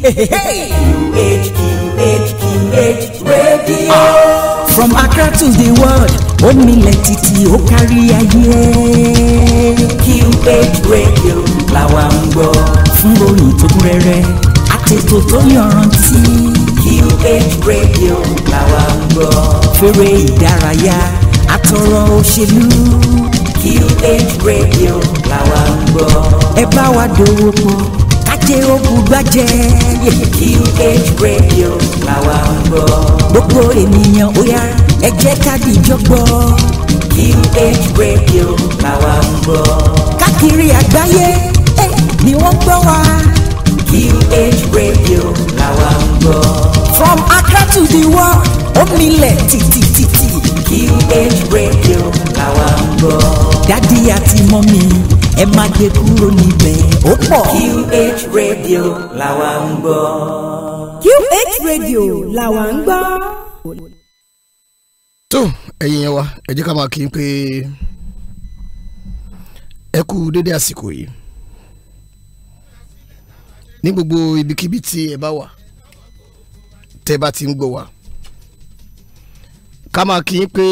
QH, QH, QH Radio. From Accra to the world, ó milẹ̀ títí ó aye. ayé. QH Radio làwa ń gbọ́. Fún oyin tó kún rẹ́rẹ́, àtètò tó yọrantí. QH Radio làwa ń gbọ́. Fèrè ìdárayá, àtọ̀rọ̀ òṣèlú. QH Radio làwa ń gbọ́. Ẹ bá wa dòwò pọ̀ jáde ogun gbàjẹ́. QH radio làwa ń gbọ́. gbogbo ènìyàn ó yá ẹ jẹ́ ká dìjọ́ QH radio làwa ń gbọ́. káàkiri àgbáyé eh, ni wọ́n gbọ́ wa. QH radio làwa ń gbọ́. from Accra to the world ó milẹ̀ tìtìtìtì. QH radio làwa ń gbọ́ dádì àti mọ́mí ẹ má gbé kúrò níbẹ̀ ó pọ̀. QH radio làwa ń gbọ́. QH radio làwa ń gbọ́. tó ẹ̀yin yẹn wa ẹ jẹ́ ká máa kí n pé ẹ kú dédé àsìkò yìí ní gbogbo ibikíbi tí ẹ bá wà tẹ́ bá ti ń gbọ́ wa ká máa kí n pé. Pe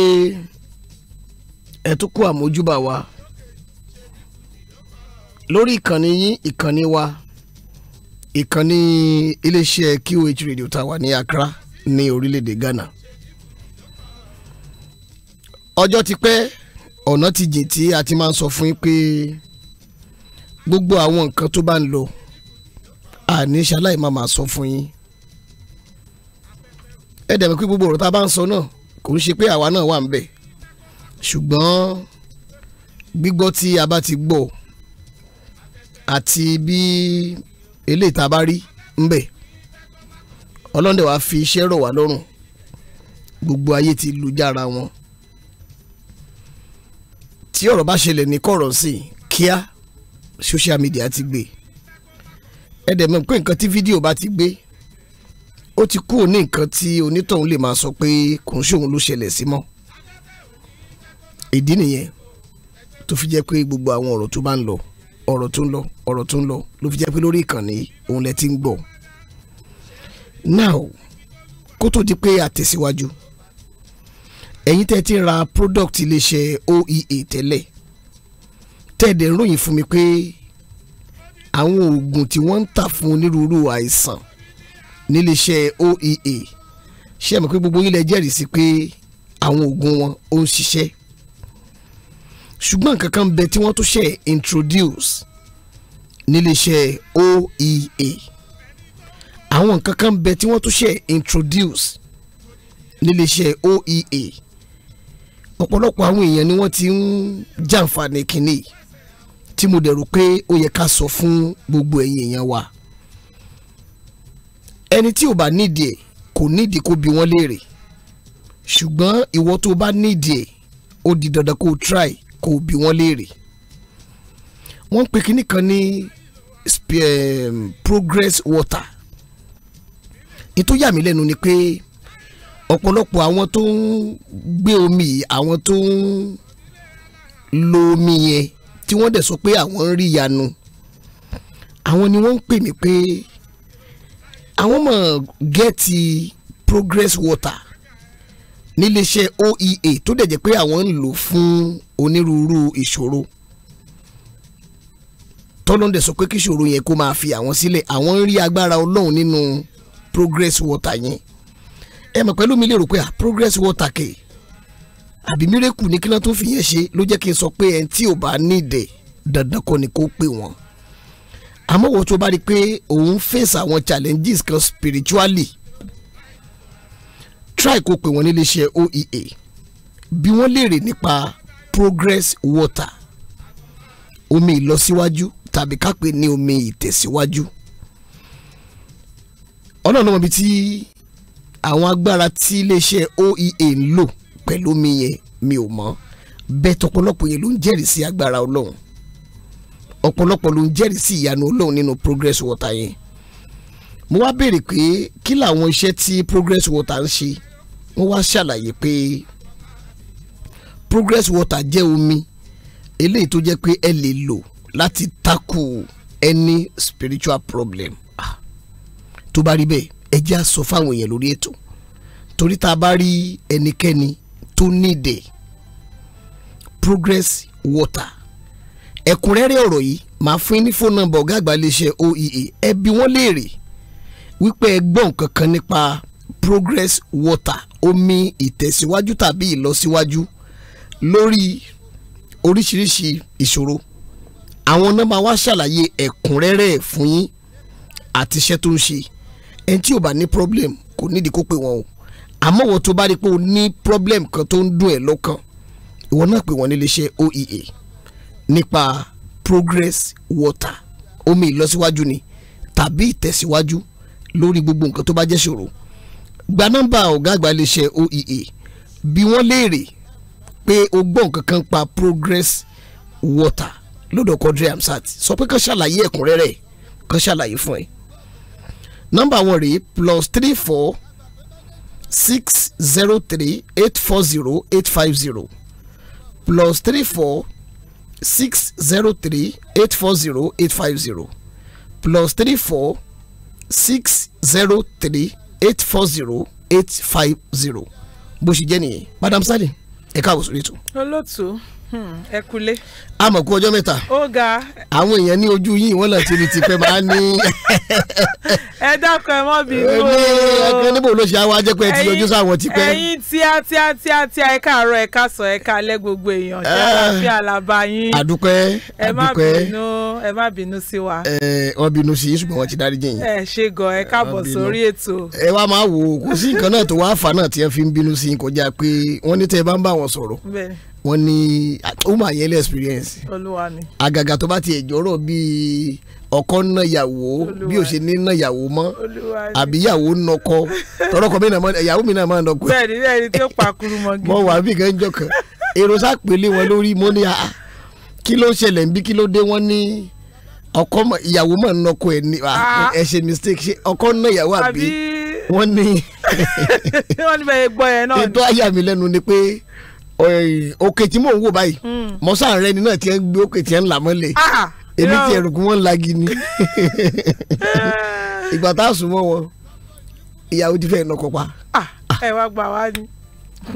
ẹ tún kú àmójúbà wa lórí ìkànnì yín ìkànnì wa ìkànnì iléeṣẹ́ QH radio tá wà ní Accra ní orílẹ̀-èdè Ghana ọjọ́ ti pẹ́ ọ̀nà ti jìn tí a ti máa ń sọ fún yín pé gbogbo àwọn nǹkan tó bá ń lọ àní ṣaláì máa máa sọ fún yín ẹ dẹ̀ mí pé gbogbo ọ̀rọ̀ tá a bá ń sọ náà kò ń ṣe pé àwa náà wà ń bẹ̀ ṣùgbọ́n gbígbọ́ tí a bá ti gbọ́ àti bí eléyìí tá a bá rí ń bẹ ọlọ́dẹ wa fi iṣẹ́ rọ̀ wá lọ́rùn gbogbo ayé ti lu jára wọn tí ọ̀rọ̀ bá ṣẹlẹ̀ ní kọ̀rọ̀ sí kíá social media ti gbé ẹ pé nǹkan tí fídíò bá ti gbé ó ti kúrò ní nǹkan tí onítọ̀hún lè máa sọ pé kò ń ṣòun ló ṣẹlẹ̀ sí mọ́. Si ìdí nìyẹn tó fi jẹ́ pé gbogbo àwọn ọ̀rọ̀ tó bá ń lọ ọ̀rọ̀ tó ń lọ ọ̀rọ̀ tó ń lọ ló fi jẹ́ pé lórí ìkànnì òun lẹ ti ń gbọ́ now kó tó di pé àtẹ̀síwájú ẹ̀yin tẹ́ ti ra product iléeṣẹ́ oea tẹ́lẹ̀ tẹ́ẹ̀dẹ̀ ròyìn fún mi pé àwọn oògùn tí wọ́n ń tà fún onírúurú àìsàn níléeṣẹ́ oea ṣé ẹ mọ̀ pé gbogbo yín lẹ jẹ́rìí sí pé àwọn oògùn wọn ó ń ṣiṣẹ́ ṣùgbọ́n nǹkan kan bẹ tí wọ́n tún ṣe introduce níléeṣẹ́ OEA àwọn nǹkan kan bẹ tí wọ́n tún ṣe introduce níléeṣẹ́ OEA ọ̀pọ̀lọpọ̀ àwọn èèyàn ni wọ́n ti ń jàǹfààní kínní tí mo dẹ̀ rò pé ó yẹ ká sọ fún gbogbo ẹ̀yin èèyàn wa ẹni tí ò bá nídìí ẹ̀ kò nídìí kó bi wọ́n léèrè ṣùgbọ́n ìwọ tó bá nídìí ẹ̀ ó di dandan kó o try kó bí wọ́n léèrè wọ́n ń kínní kan ní eh, progress water ètò yà mí lẹ́nu ni pé ọ̀pọ̀lọpọ̀ àwọn tó ń gbé omi àwọn tó ń lo omi yẹn tí wọ́n dẹ̀ sọ pé àwọn ń rí yanu àwọn ni wọ́n ń pè mí pé àwọn mọ̀ gẹ́ẹ̀tì progress water níléeṣẹ́ oea tó dẹ̀ jẹ́ pé àwọn ń lò fún onírúurú ìṣòro tọ́lọ́ndẹ̀ sọ pé kí ìṣòro yẹn kó máa fi àwọn sílẹ̀ àwọn ń rí agbára ọlọ́run nínú progress water yẹn ẹ mọ̀ pẹ̀lú mi lè rò pé progress water kè àbí mírèkù ní kí wọ́n tó fi yẹn ṣe ló jẹ́ kí n sọ pé ẹni tí ò bá nídẹ̀ dandan kọ́ ni kó pè wọ́n àmọ́ wọ́n tó bá rí i pé òun face àwọn challenges kan spiritually try kó pè wọ́n nílé iṣẹ́ oea bí wọ́n léèrè nípa progress water omi ìlọsíwájú tàbí ká pè ní omi ìtẹ̀síwájú ọ̀nà ọ̀nà ibi tí àwọn agbára tí iléeṣẹ́ oea ń lò pẹ̀lú omi yẹn mi ò mọ̀ bẹ́ẹ̀ tọ̀pọ̀lọpọ̀ yẹn ló ń jẹ́rìí sí agbára ọlọ́run ọ̀pọ̀lọpọ̀ ló ń jẹ́rìí sí ìyanu ọlọ́run nínú progress water yẹn mo wá béèrè pé kí làwọn iṣẹ́ tí progress water ń ṣe wọ́n wá ṣàlàyé pé progress water jẹ́ omi eléyìí tó jẹ́ pé ẹ lè lò láti takò any spiritual problem ah, tó bá rí bẹ́ẹ̀ ẹ jẹ́ àsọ fáwọn èèyàn lórí ètò torí tá a bá rí ẹnikẹ́ni tó nídẹ̀ progress water ẹ̀kúnrẹ́rẹ́ ọ̀rọ̀ yìí màá fún yín ní fóònù nọ́mbà ọ̀gá àgbà iléeṣẹ́ oea e. ẹ bi wọ́n léèrè wípé ẹ gbọ́ nǹkan nípa progress water omi ìtẹ̀síwájú tàbí ìlọsíwájú lórí oríṣiríṣi ìṣòro àwọn náà máa wá ṣàlàyé ẹ̀kúnrẹ́rẹ́ fún yín àti iṣẹ́ tó ń ṣe ẹni tí ò bá ní problem kò nídìí kó pè wọ́n o àmọ́ wọ́n tó bá rí pé o ní problem kan tó ń dùn ẹ́ lọ́kàn ìwọ náà pè wọ́n níléeṣẹ́ OEA nípa progress water omi ìlọsíwájú ni tàbí ìtẹ̀síwájú lórí gbogbo nǹkan tó bá jẹ́ ṣòro gba nọ́mbà ọ̀gá àgbà iléeṣẹ́ oea bí wọ́n léèrè pé o gbọ́ nǹkan kan pa progress water lọ́dọ̀ Quadri Hamzat sọ pé kàn ṣàlàyé ẹ̀kúnrẹ́rẹ́ kàn ṣàlàyé fún ẹ nọ́mbà wọn rèé plus three four six zero three eight four zero eight five zero plus three four six zero three eight four zero eight five zero plus three four six zero three eight four zero eight five zero bó ṣe jẹ́ nìyẹn madam sade ẹ̀ka àwòsàn ètò. olóòtú Hmm, ẹ kulé. a mọ̀ kú ọjọ́ mẹ́ta. ó ga. àwọn èèyàn ní ojú yìí wọ́n lọ tìrì tìpẹ́ máa ní. ẹ dákun ẹ mọ́ bínú o. ní ẹgbẹ́ níbo ló ṣe àwọn ajẹ́pẹ́ ti yọjú sáwọn tipẹ́. ẹ̀yin tíá tíá tíá tíá ẹ káàárọ̀ ẹ káàsán ẹ káalẹ́ gbogbo èèyàn ṣe ah. àlàáfíà alaba yín. àdúpẹ́ àdúpẹ́ ẹ má bínú sí wa. ẹ wọ́n bínú sí ṣùgbọ́n wọ́n ti dárí jìn yín. ẹ ṣe gan ẹ káàbọ̀ sórí ètò wọ́n ní ó mà experience àgàgà tó bá ti ẹ̀jọ̀rọ̀ bíi ọkọ ná yàwó bí o ṣe ní ná yàwó mọ́ àbí yàwó nọkọ tọrọkọ mi náà mọ yàwó mi náà mọ nọkọ. bẹ́ẹ̀ni bẹ́ẹ̀ni tí ó pakuru mọ gidi. mo wà bí kan jọ kan èrò sápèlé wọn lórí mo ní àá kí ló ń ṣẹlẹ̀ ń bí kí ló dé wọ́n ní ọkọ ìyàwó mọ̀ nọkọ ẹ̀ ní ẹ̀ ṣe mistake ṣe ọkọ ná yàwó àbí wọ́n ní. wọ́n ní bẹ́ẹ̀ gbọ́ yẹn náà ni. ètò àyà mi lẹ́nu ni pé Eh, òkè tí mò ń wò báyìí hmm. mọ́sán rẹ ni náà ti ń gbé òkè tí ń là mọ́lẹ̀ èmi ti ẹ̀rù kí wọ́n lagi ni eh. ìgbà tá a sùn mọ́ wọn ìyàwó ti fẹ́ nọkọ pa. Ah, ẹ wá gbà wá ni.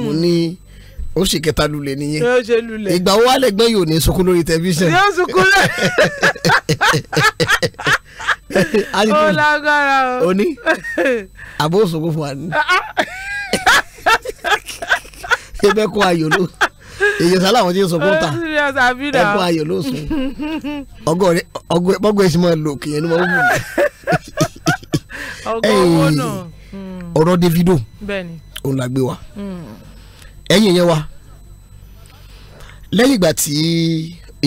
mo ní ó sì kẹta lulẹ̀ nìyẹn ìgbà wo wà lẹ́gbẹ́ ní sunkún lórí tẹlifíṣàn. yóò sunkún lẹ. ó o. o ní àbó sunkún fún wa ni. Ah, ah ẹ̀bẹ̀kún ayò ló èyí sá làwọn tí ń sọpọ́ ta ẹ̀kún ayò ló sùn ọgọ́ ẹ̀sìn máa lò kìyẹn ní wọ́n wù mí. ọ̀rọ̀ Davido òun la gbé wa hmm. ẹ̀yìn yẹn wa lẹ́yìn ìgbà tí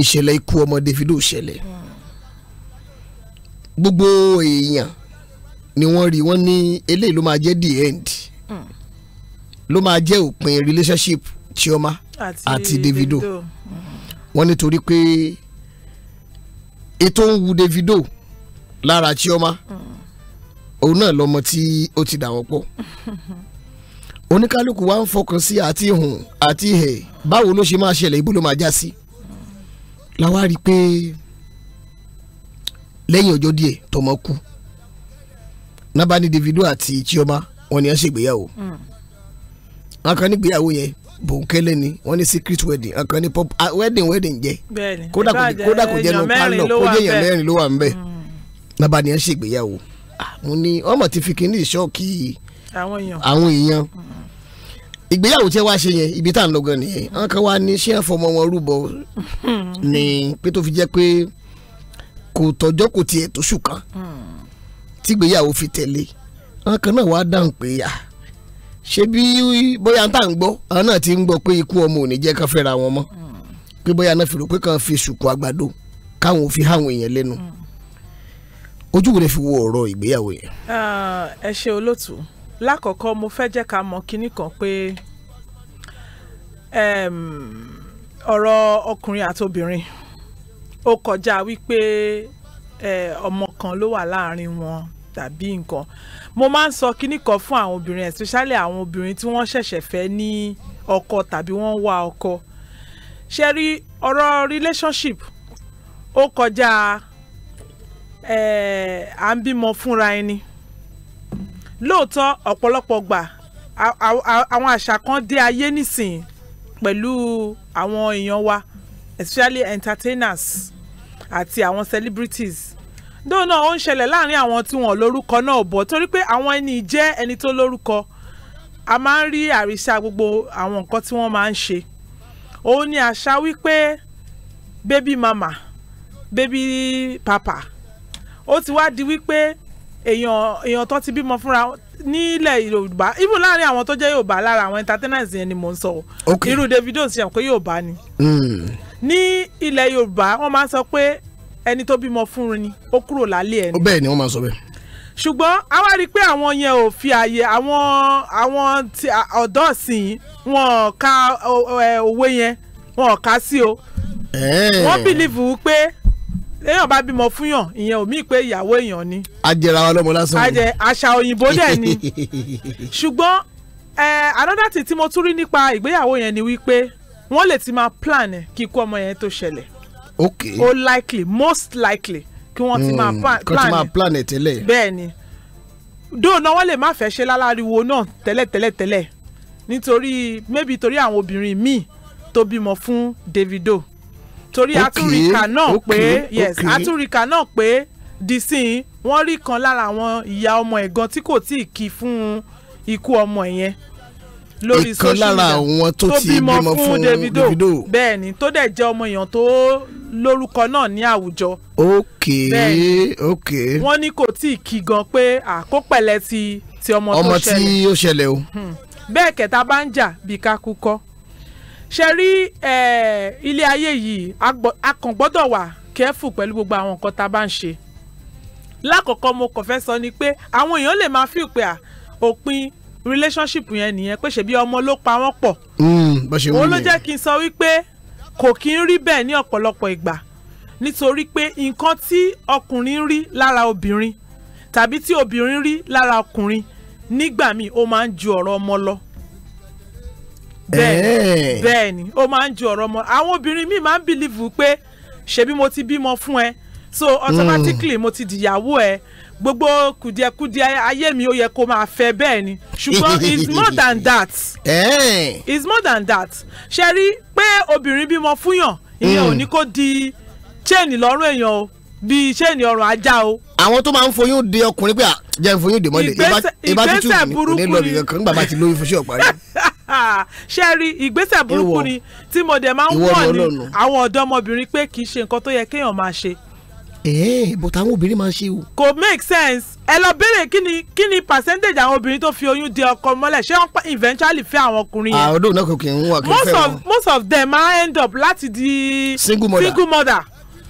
ìṣẹ̀lẹ̀ ikú ọmọ Davido ṣẹlẹ̀ hmm. gbogbo èèyàn ni wọ́n rí wọ́n ní eléyìí ló máa jẹ́ the end. Mm ló máa jẹ́ òpin relationship Chioma àti Davido wọ́n nítorí pé ètò ń wu Davido lára Chioma òun náà lọmọ tí ó ti dà wọ́n pọ̀ oníkálukú wa ń fọkàn sí àti hùn àti hẹ̀ báwo ló ṣe máa ṣẹlẹ̀ ibo ló máa já sí la wá rí i pé lẹ́yìn ọjọ́ díẹ̀ tọmọ kú nábàání Davido àti Chioma wọ́n ní wọ́n ṣègbéyàwó. Mm wọn kàn nígbéyàwó yẹn bòńkẹ́lẹ́ ni wọ́n ní secret wedding wọn kàn ní pop ah, wedding wedding jẹ́ kódà kò jẹ́ nu pálọ̀ kó jẹ́ èèyàn mẹ́rin ló wà ń nàbà hmm. ni ẹ̀ ń ṣègbéyàwó ah. mo ní ọmọ ti fi kíní ìṣọ́ọ̀kì àwọn èèyàn hmm. ìgbéyàwó tí ẹ wá ṣe yẹn ibi tá à ń lọ gan nìyẹn wọn kàn wá ní ṣé ẹ fọmọ wọn rúbọ hmm. ni pé tó fi jẹ́ pé kò tọjọ́ kò tiẹ̀ tó ṣùkàn tígbéyàwó fi tẹ̀lé wọn kàn náà wá dáhùn pé ah ṣé bí bóyá tá à ń gbọ́ àwọn náà ti ń gbọ́ pé ikú ọmọ ò ní jẹ́ kán fẹ́ra wọn mọ́ pé bóyá náà fi rò pé kàn fi sùkú àgbàdo káwọn ò fi háwọn èèyàn lẹ́nu ojú wo lè fi wo ọ̀rọ̀ ìgbéyàwó yẹn. ẹ ṣe olóòtú lákọ̀ọ́kọ́ mo fẹ́ jẹ́ ká mọ̀ kinní kan pé ọ̀rọ̀ ọkùnrin àtobìnrin ó kọjá wípé ọmọ kan ló wà láàrin wọn tàbí nǹkan mo máa ń sọ kinní kan fún àwọn obìnrin especially àwọn obìnrin tí wọ́n ṣẹ̀ṣẹ̀ fẹ́ ní ọkọ tàbí wọ́n ń wá ọkọ ṣe rí ọ̀rọ̀ relationship ó kọjá à ń bímọ fúnra ẹni lóòótọ́ ọ̀pọ̀lọpọ̀ gbà àwọn àṣà kan dé ayé nísìnyí pẹ̀lú àwọn èèyàn wa especially entertainers àti àwọn celebrities dóò náà ó ń ṣẹlẹ̀ láàrin àwọn tí wọn lórúkọ náà bọ̀ torí pé àwọn ẹni jẹ́ ẹni tó lórúkọ a máa ń rí àrísà gbogbo àwọn nǹkan tí wọ́n máa ń ṣe òun ni àṣà wípé bébí mama bébí papa ó ti wá di wípé èèyàn èèyàn tó ti bímọ fúnra nílẹ̀ yorùbá even láàrin àwọn tó jẹ́ yorùbá lára àwọn entertainers yẹn ni mò ń sọ irú Davido ti yàn pé yorùbá ni hmm. ní ilẹ̀ yorùbá wọ́n máa ń sọ pé ẹni tó bímọ fún un ni ó kúrò lálé ẹni. bẹ́ẹ̀ ni wọ́n máa sọ bẹ́ẹ̀. ṣùgbọ́n a wá rí i pé àwọn yẹn ò fi àyè àwọn àwọn ti ọ̀dọ́ sìn wọn ka òwe yẹn wọn kà sí o. wọ́n bìlìfù pé èèyàn bá bímọ fún yàn ìyẹn ò mí pé ìyàwó èèyàn ni. a jẹra wa lọmọ lásán. a àṣà òyìnbó dẹ̀ ni ṣùgbọ́n another thing tí mo tún rí nípa ìgbéyàwó yẹn ni wípé wọ́n lè ti máa plan kíkú ọmọ yẹn tó ṣẹlẹ̀ okay ó likely most likely kí wọ́n ti máa hmm, plan kí wọ́n ti máa plan ẹ̀ tẹ́lẹ̀ bẹ́ẹ̀ ni dóònà wọ́n lè má fẹ́ ṣe láláriwo náà tẹ́lẹ̀ tẹ́lẹ̀ tẹ́lẹ̀ nítorí maybe torí àwọn obìnrin míì tó bímọ fún Davido torí atúrìkà náà pé yes atúrìkà náà pé disin wọ́n rí kan lára àwọn ìyá ọmọ ẹ̀gan tí kò tíì kí fún ikú ọmọ yẹn lórí social media ìkan lára àwọn tó ti bímọ fún Davido bẹ́ẹ̀ ni tó dẹ̀ jẹ́ ọmọ èèyàn tó lórúkọ náà ní àwùjọ. ok ok. wọ́n ní kò tí ì kí gan pé àkópẹ̀lẹ̀ ti ti ọmọ tó ṣẹlẹ̀ ọmọ tí ó ṣẹlẹ̀ o. Hmm. bẹ́ẹ̀ kẹta bá ń jà bí kakú kọ́ ṣe rí ilé ayé yìí a kàn gbọ́dọ̀ wà kẹ́fù pẹ̀lú gbogbo àwọn nǹkan tá a bá ń ṣe lákọ̀ọ́kọ́ mo kàn fẹ́ sọ ni pé àwọn èèyàn lè máa fi pé à òpin relationship yẹn nìyẹn pé ṣebí ọmọ ló pa wọ́n pọ̀ hmm, òun ló jẹ́ kí n sọ wípé kò kí ń rí bẹ́ẹ̀ ní ọ̀pọ̀lọpọ̀ ìgbà nítorí pé nǹkan tí ọkùnrin rí lára obìnrin tàbí tí obìnrin rí lára ọkùnrin nígbà míì ó máa ń ju ọ̀rọ̀ ọmọ lọ bẹ́ẹ̀ bẹ́ẹ̀ ni ó máa ń ju ọ̀rọ̀ ọmọ àwọn obìnrin míì máa ń bìlìfù pé ṣebí mo ti bímọ fún ẹ so hmm. automatically mm. mo ti dìyàwó ẹ gbogbo kùdìẹ̀kudìẹ ayé mi ó yẹ kó máa fẹ́ bẹ́ẹ̀ ni ṣùgbọ́n it's more than that it's more than that ṣe rí pé obìnrin bímọ fúnyàn ìyẹn mm. ò ní kó di chain lọ́rùn èèyàn o di chain ọrùn ajá o. àwọn tó máa ń foyún de ọkùnrin pé à ah, jẹ́ ń foyún de mọ́lẹ̀ ìbá tútù kò ní lọ nìyẹn kan nígbà bá ti lóyún fún ṣé ọ̀parí. ṣé rí ìgbésẹ̀ burúkú ni tí mo dẹ̀ máa ń wọ̀ ní àwọn ọ̀dọ́mọbìnrin pé kì í ṣe nǹkan tó yẹ kéèyàn máa ṣe ẹ̀ẹ́n eh, but àwọn obìnrin máa ń ṣe o. kò make sense ẹ lọ béèrè kí ni kí ni percentage àwọn obìnrin tó fi oyún di ọkọ mọ́lẹ̀ ṣé wọ́n eventually fẹ́ àwọn ọkùnrin yẹn. àwọn ah, olóògùn náà kò kì í wà kí n fẹ́ wọn. most of them máa end up láti di single mother. single mother.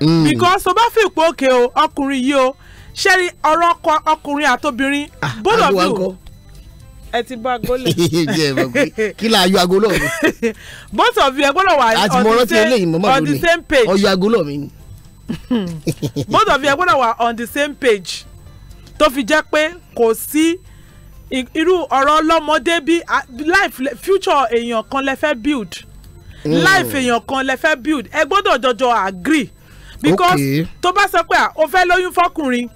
Mm. because tó bá fi ìpò òkè o ọkùnrin yìí o ṣé ni ọ̀rọ̀ ọkọ ọkùnrin àtobìnrin ah, both of you ẹ ti bọ agolo. kí la agolo mi. both of you ẹ gbọ́dọ̀ wà on the same page. àti mo rántí eléyìí mo máa lò ọyọ agolo mi ni. Hmm. both of you gbọ́dọ̀ wà on the same page tó fi jẹ́ pé kò sí irú ọ̀rọ̀ ọlọ́mọdé bí life future èèyàn kan lè fẹ́ build hmm. life èèyàn kan lè fẹ́ build ẹ gbọ́dọ̀ jọjọ agree because tó bá sọ pé o fẹ́ lóyún fọkùnrin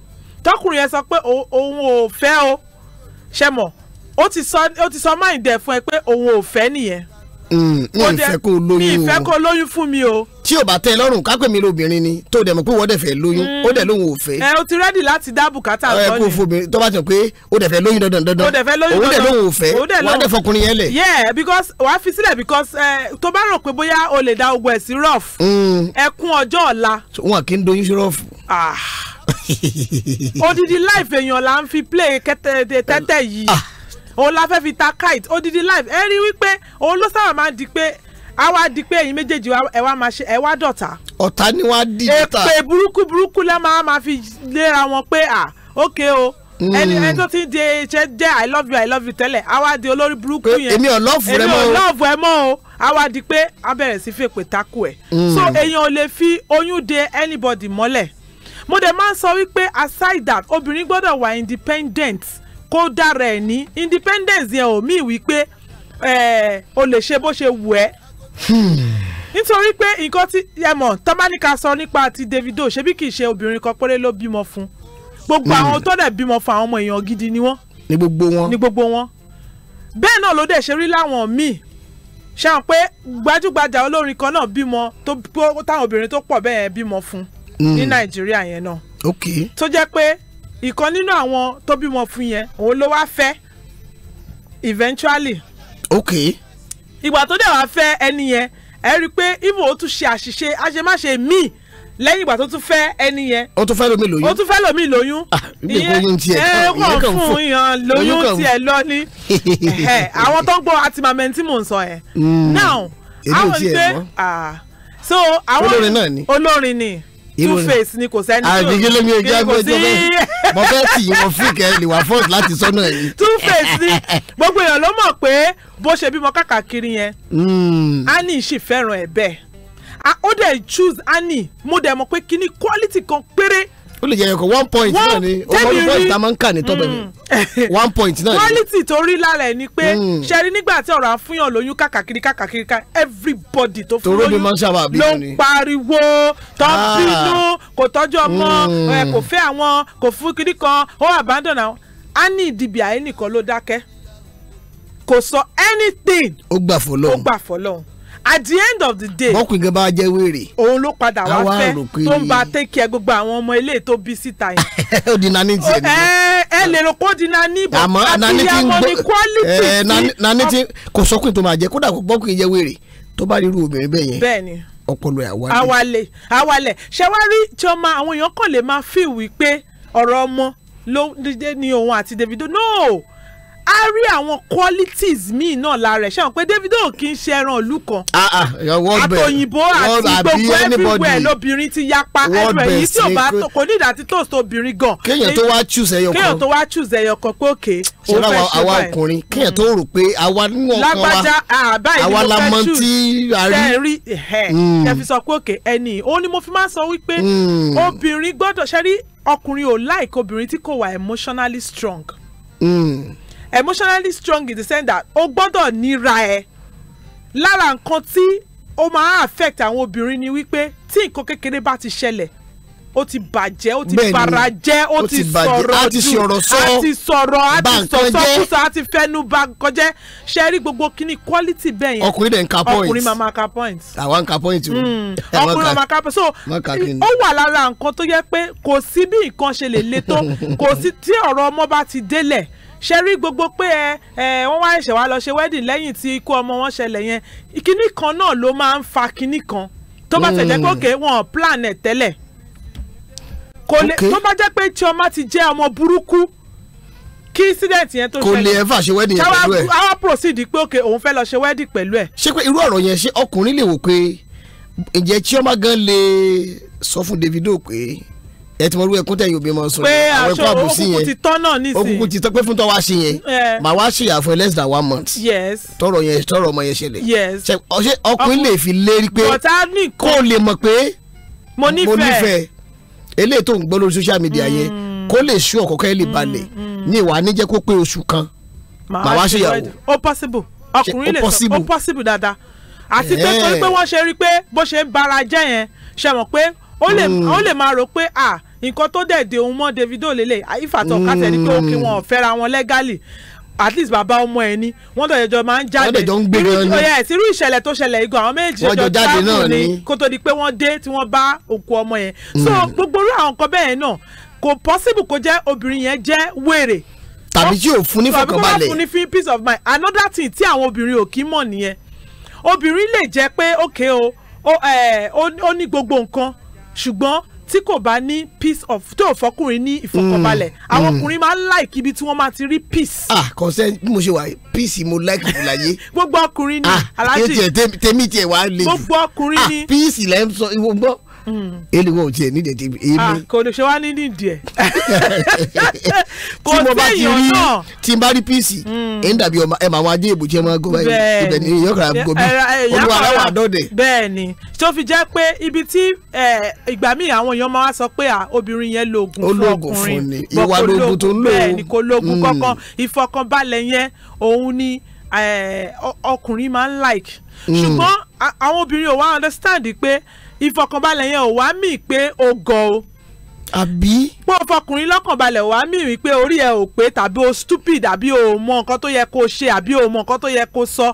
tọkùnrin yẹn sọ pé òun ò fẹ́ o ṣe mọ̀ ó ti sọ máìndẹ̀ fún ẹ pé òun ò fẹ́ nìyẹn. Hmm, mi ìfẹ́ kó lóyún fún mi o tí ò bá tẹ́ lọ́rùn ká pè mí lóbìnrin ni tó dẹ̀ mọ̀ pé wọ́n dẹ̀ fẹ́ lóyún mm. ó dẹ̀ lóhùn òfẹ́. ẹ o ti rẹ́dì láti dá bùkátà lọ́yìn. ẹ kó fobìnrin tó bá ti pé ó dẹ̀ fẹ́ lóyún dandan dandan ó dẹ̀ fẹ́ lóyún dandan ó dẹ̀ lóhùn òfẹ́ wọ́n á dẹ̀ fọkùnrin yẹn lẹ̀. yeah because wàá fi sílẹ̀ because tó bá rò pé bóyá o lè da ogun ẹ̀ sí rough mm. ẹkún ọjọ́ ọ̀la. wọn kì í doyún sí rough. Ah. odidi life èèyàn là ń fi play tẹ́tẹ́ yìí ah. òun la fẹ́ fi ta kite odidi life ẹ rí wípé òun ló sábà máa ń di pé a wá di pé ẹ̀yin méjèèjì ẹ wá máa ṣe ẹ wá dọ̀tá. ọ̀tá ni wọ́n á di dọ̀tá. èpè burúkú burúkú lẹ́ máa máa fi léra wọn pé à ókè o hmm. ẹni ẹni tó ti di ṣe jẹ́ i love you i love you tẹ́lẹ̀ a wá di olórí burúkú yẹn èmi ò lọ́ọ̀fù rẹ mọ́ o èmi ò lọ́ọ̀fù ẹ mọ́ o a wá di pé a bẹ̀rẹ̀ sí fèpè takò ẹ̀. Hmm. so èèyàn ò lè fi oyún de anybody mọ́lẹ̀ mo dẹ̀ máa ń sọ wípé aside that obìnrin gbọ́dọ̀ wà independent kó dára ẹ̀ ní independence yẹn ò míì wípé o lè ṣe bó ṣe wù ẹ́ nítorí pé nǹkan tí ẹ mọ̀ tọ́mánika sọ nípa ti Davido ṣebí kì í ṣe obìnrin kan péré ló bímọ fún gbogbo hmm. àwọn tó dẹ̀ bímọ fún àwọn ọmọ èèyàn gidi ni wọ́n. ni gbogbo wọn. ni gbogbo wọn. bẹ́ẹ̀ náà ló dẹ̀ ṣe rí láwọn míì ṣáà pé gbajúgbajà olórin kan náà bímọ táwọn obìnrin tó pọ̀ bẹ́ẹ̀ bímọ fún hmm. ní Nàìjíríà yẹn náà. ok tó jẹ́ pé ìkan nínú àwọn tó bímọ fún yẹn òun ló wá fẹ́ eventually. ok ìgbà tó dẹ̀ wá fẹ́ ẹni yẹn ẹ rí i pé ibo ó tún ṣe àṣìṣe àṣemáṣe míì lẹ́yìn ìgbà tó tún fẹ́ ẹni yẹn. ó tún fẹ́ lomi lóyún. ó tún fẹ́ lomi lóyún. Ah, ìyẹn ah, ẹ kàn fún yan lóyún tiẹ̀ lọ ní. àwọn tó ń gbọ́ àtìmọ̀mẹ́ tí mò ń sọ ẹ̀. Mm. now àwọn ń gbé ah, so àwọn olórin náà ni. olórin ni two face ni kò sẹ́ni tó àbí kí ló ní ojú agbẹjọ bẹ́ẹ̀ mo fẹ́ tì í wọn fún kẹ́ lè wá fọ́ọ̀tì láti sọ́nà yìí. two face ni gbogbo èèyàn ló mọ̀ pé bó ṣe bímọ káàkiri yẹn hmm. annie sì fẹ́ràn ẹ̀ bẹ́ẹ̀ ó dẹ̀ choose annie mo dẹ̀ mọ̀ pé kíní quality kan péré ó lè jẹ́ ẹ̀kọ́ one point náà ni ọmọdún point tá a máa ń kà ní tọ́bẹ̀ mi mm. one point náà ni. quality tó rí lára ẹ̀ ni pé mm. ṣẹ́rí nígbà tí ọ̀rọ̀ àfúnyàn lóyún kàkàkiri kàkàkiri ká everybody tó fún lóyún ló ń pariwo tó ń ah. bínú kò tọ́jú ọmọ mm. kò fẹ́ àwọn kò fún kiri kan ó abandon àwọn á ní ìdìbì àyè nìkan ló dákẹ́ kò sọ anything. ó gbà fọlọ́hún ó gbà fọlọ́hún at the end of the day. bọ́kùn gan bá jẹ́ wèrè. òun ló padà wá fẹ́ tó ń ba tẹ́kẹ̀ gbogbo àwọn ọmọ ilé tó bí síta yẹn. ó di nani tiẹ̀ nìyẹn. ẹ lè rò kó di nani bọ̀ àti ìyàmọ̀ ni quality. ẹ nani ti kò sọ́kùn tó máa jẹ kódà bọ́kùn jẹ́ wèrè tó bá rí irú obìnrin bẹ́ẹ̀ yẹn. bẹ́ẹ̀ ọpọlọ àwalẹ. àwalẹ àwalẹ ṣé wàá rí chioma àwọn èèyàn kàn lè máa feel wípé ọ̀rọ̀ ọmọ ló ní òun àti Davido no á rí àwọn qualities míì náà lára ẹ̀ ṣáà pé Davido kì í ṣe ẹran ìlú kan ah, ah, àtòyìnbó àti gbogbo everywhere lóbìnrin ti yapa ẹnu ẹ̀yìn tí ò bá kò ní ìdá tí tó so obìnrin gan. kéèyàn tó wá choose ẹyọ kan kéèyàn tó wá choose ẹyọ kan pé òkè òun fẹ́ ṣe báyìí. ṣé àwa ọkùnrin kéèyàn mm. tó rò pé àwa nínú ọkàn wa àwa la mọ tí a rí. Mm. ẹ fi sọ pé òkè ẹni òun ni mo fi máa sọ wípé mm. obìnrin gbọ́dọ̀ ṣe rí ọkùnrin ò like obìnrin tí kò wà emotionally strong. Mm emotionally strong in the sense that o gbọ́dọ̀ níra ẹ lára nǹkan tí ó máa affect àwọn obìnrin ni wípé tí nǹkan kékeré bá ti ṣẹlẹ̀ ó ti bàjẹ́ ó ti bara jẹ́ ó ti sọ̀rọ̀ jù á ti sọ̀rọ̀ á ti sọ̀sọ́kùsọ á ti fẹ́nu bà nǹkan ṣe rí gbogbo kíní quality bẹ́ẹ̀ yẹn ọkùnrin dẹ̀ ń ka point ọkùnrin máa ma ka point àwa ń ka point o hmm. ọkùnrin máa ma ka point so ó wà lára nǹkan tó yẹ pé kò sí bí nǹkan ṣe lè le tó kò sí tí ọ̀rọ̀ ọmọ bá ti délẹ̀ ṣe rí gbogbo pé ẹ ẹ wọ́n wá ẹ̀ṣẹ̀ wá lọ ṣe wedding lẹ́yìn tí ikú ọmọ wọn ṣẹlẹ̀ yẹn kinní kan náà ló máa ń fa kinní kan tó bá tẹ̀jẹ́ pé òkè hmm. wọn plan ẹ̀ tẹ́lẹ̀ kò lè tó bá jẹ́ pé Chioma ti jẹ́ ọmọ burúkú kí incident yẹn tó ṣẹlẹ̀ kò lè ẹ̀ fà ṣe wedding yẹn pẹ̀lú ẹ̀ àwa proceed pé òkè òun fẹ́ lọ ṣe wedding pẹ̀lú ẹ̀. ṣé pé irú ọ̀rọ̀ yẹn ṣé ọkùnrin lè wò pé ǹjẹ́ Chioma gan lè sọ fún Davido pé ẹ ti mọ irú ẹkún tẹ̀yìn òbí mọ sùn àwọn ẹkún àbùsí yẹn òkùnkùn ti tán náà nísìnyí òkùnkùn ti tán pé fún tọ́ wá sí yẹn màá wá ṣìyà fún less than one month tọrọ yẹn tọrọ ọmọ yẹn Yes. ṣe ọkùnrin lè fi lérí pé kó lè mọ̀ pé mo nífẹ̀ẹ́ eléyìí tó ń gbọ́ lórí social media yẹn mm. kó lè ṣú ọ̀kọ̀ọ̀kọ̀ ẹ̀ lè mm, balẹ̀ mm. ní ìwà níjẹ́ kó pé oṣù kan màá wá ṣèyàwó. ó possible ọkùnrin lè sọ ó possible dáadáa àti pé torí pé wọ́n ṣe rí pé bó ṣe ń bara jẹ́ yẹn ṣe mọ̀ pé ó lè máa rò pé ah nǹkan tó dẹ̀ de òun mọ́ Davido lélẹ̀ ìfàtọ̀ kásẹ̀ ni pé ó kí wọn ò fẹ́ra wọn lẹ́gàlì at least bàbá ọmọ ẹ ní wọn dọ̀ jẹjọ máa ń jáde wọn dọ̀ ń gbé gan ni yes irú ìṣẹ̀lẹ̀ tó ṣẹlẹ̀ igun àwọn méjì jẹjọ jáde náà ni kó tó di pé wọ́n dé tí wọ́n bá òkú ọmọ yẹn mm. so gbogbo irú àwọn nǹkan bẹ́ẹ̀ náà kò possible kó jẹ́ obìnrin yẹn jẹ́ wèrè tàbí tí ò fún ní fọkànbalẹ̀ tàbí kó má fún ní fi peace of mind another thing tí àwọn obìnrin ò kí mọ̀ nìyẹn obìnrin lè jẹ́ pé ókè o eh, ó ní gbogbo nǹkan ṣùgbọ́n tí kò bá ní peace of tí ò fọkùnrin ní ìfọkànbalẹ̀ mm. àwọn mm. ọkùnrin máa ń like ibi tí wọ́n máa ti rí peace. ah consent bí mo ṣe wà peace mo like ìlú láyé. gbogbo ọkùnrin ni ah, alhaji gbogbo ọkùnrin ah, ni. peace lẹ́ ń sọ ìwọ gbọ́ eléwo ò tiẹ̀ nídìí ti èmi. Ah, kò lè ṣe wá ní nídìí ẹ̀. kò séèyàn náà. tí n bá rí píìsì hmm. ẹ̀ ń dàbí ọmọ ẹ̀ máa wọn ajé ìbòjì ẹ̀ máa gọ́ báyìí ibẹ̀ ni yọkàrà gòbí olúwa aláwọ̀ bẹ́ẹ̀ ni tó fi jẹ́ pé ibi tí ìgbà míì àwọn èèyàn máa sọ pé obìnrin yẹn lo fún ọkùnrin ìwà lóògùn tó ń lò bẹ́ẹ̀ ni kò lóògùn hmm. kankan ìfọkànbalẹ̀ yẹn òun ni ọkùnrin máa ń like hmm. ṣùgbọ́n àwọn obìnrin ò wá understand pé ìfọkànbalẹ̀ yẹn ò wá mí pé o gọ̀ o. àbí. pé o fọkùnrin lọ́kànbalẹ̀ wá mí wípé orí ẹ ò pé tàbí o stupid àbí o mọ nǹkan tó yẹ kó ṣe àbí o mọ nǹkan tó yẹ kó sọ.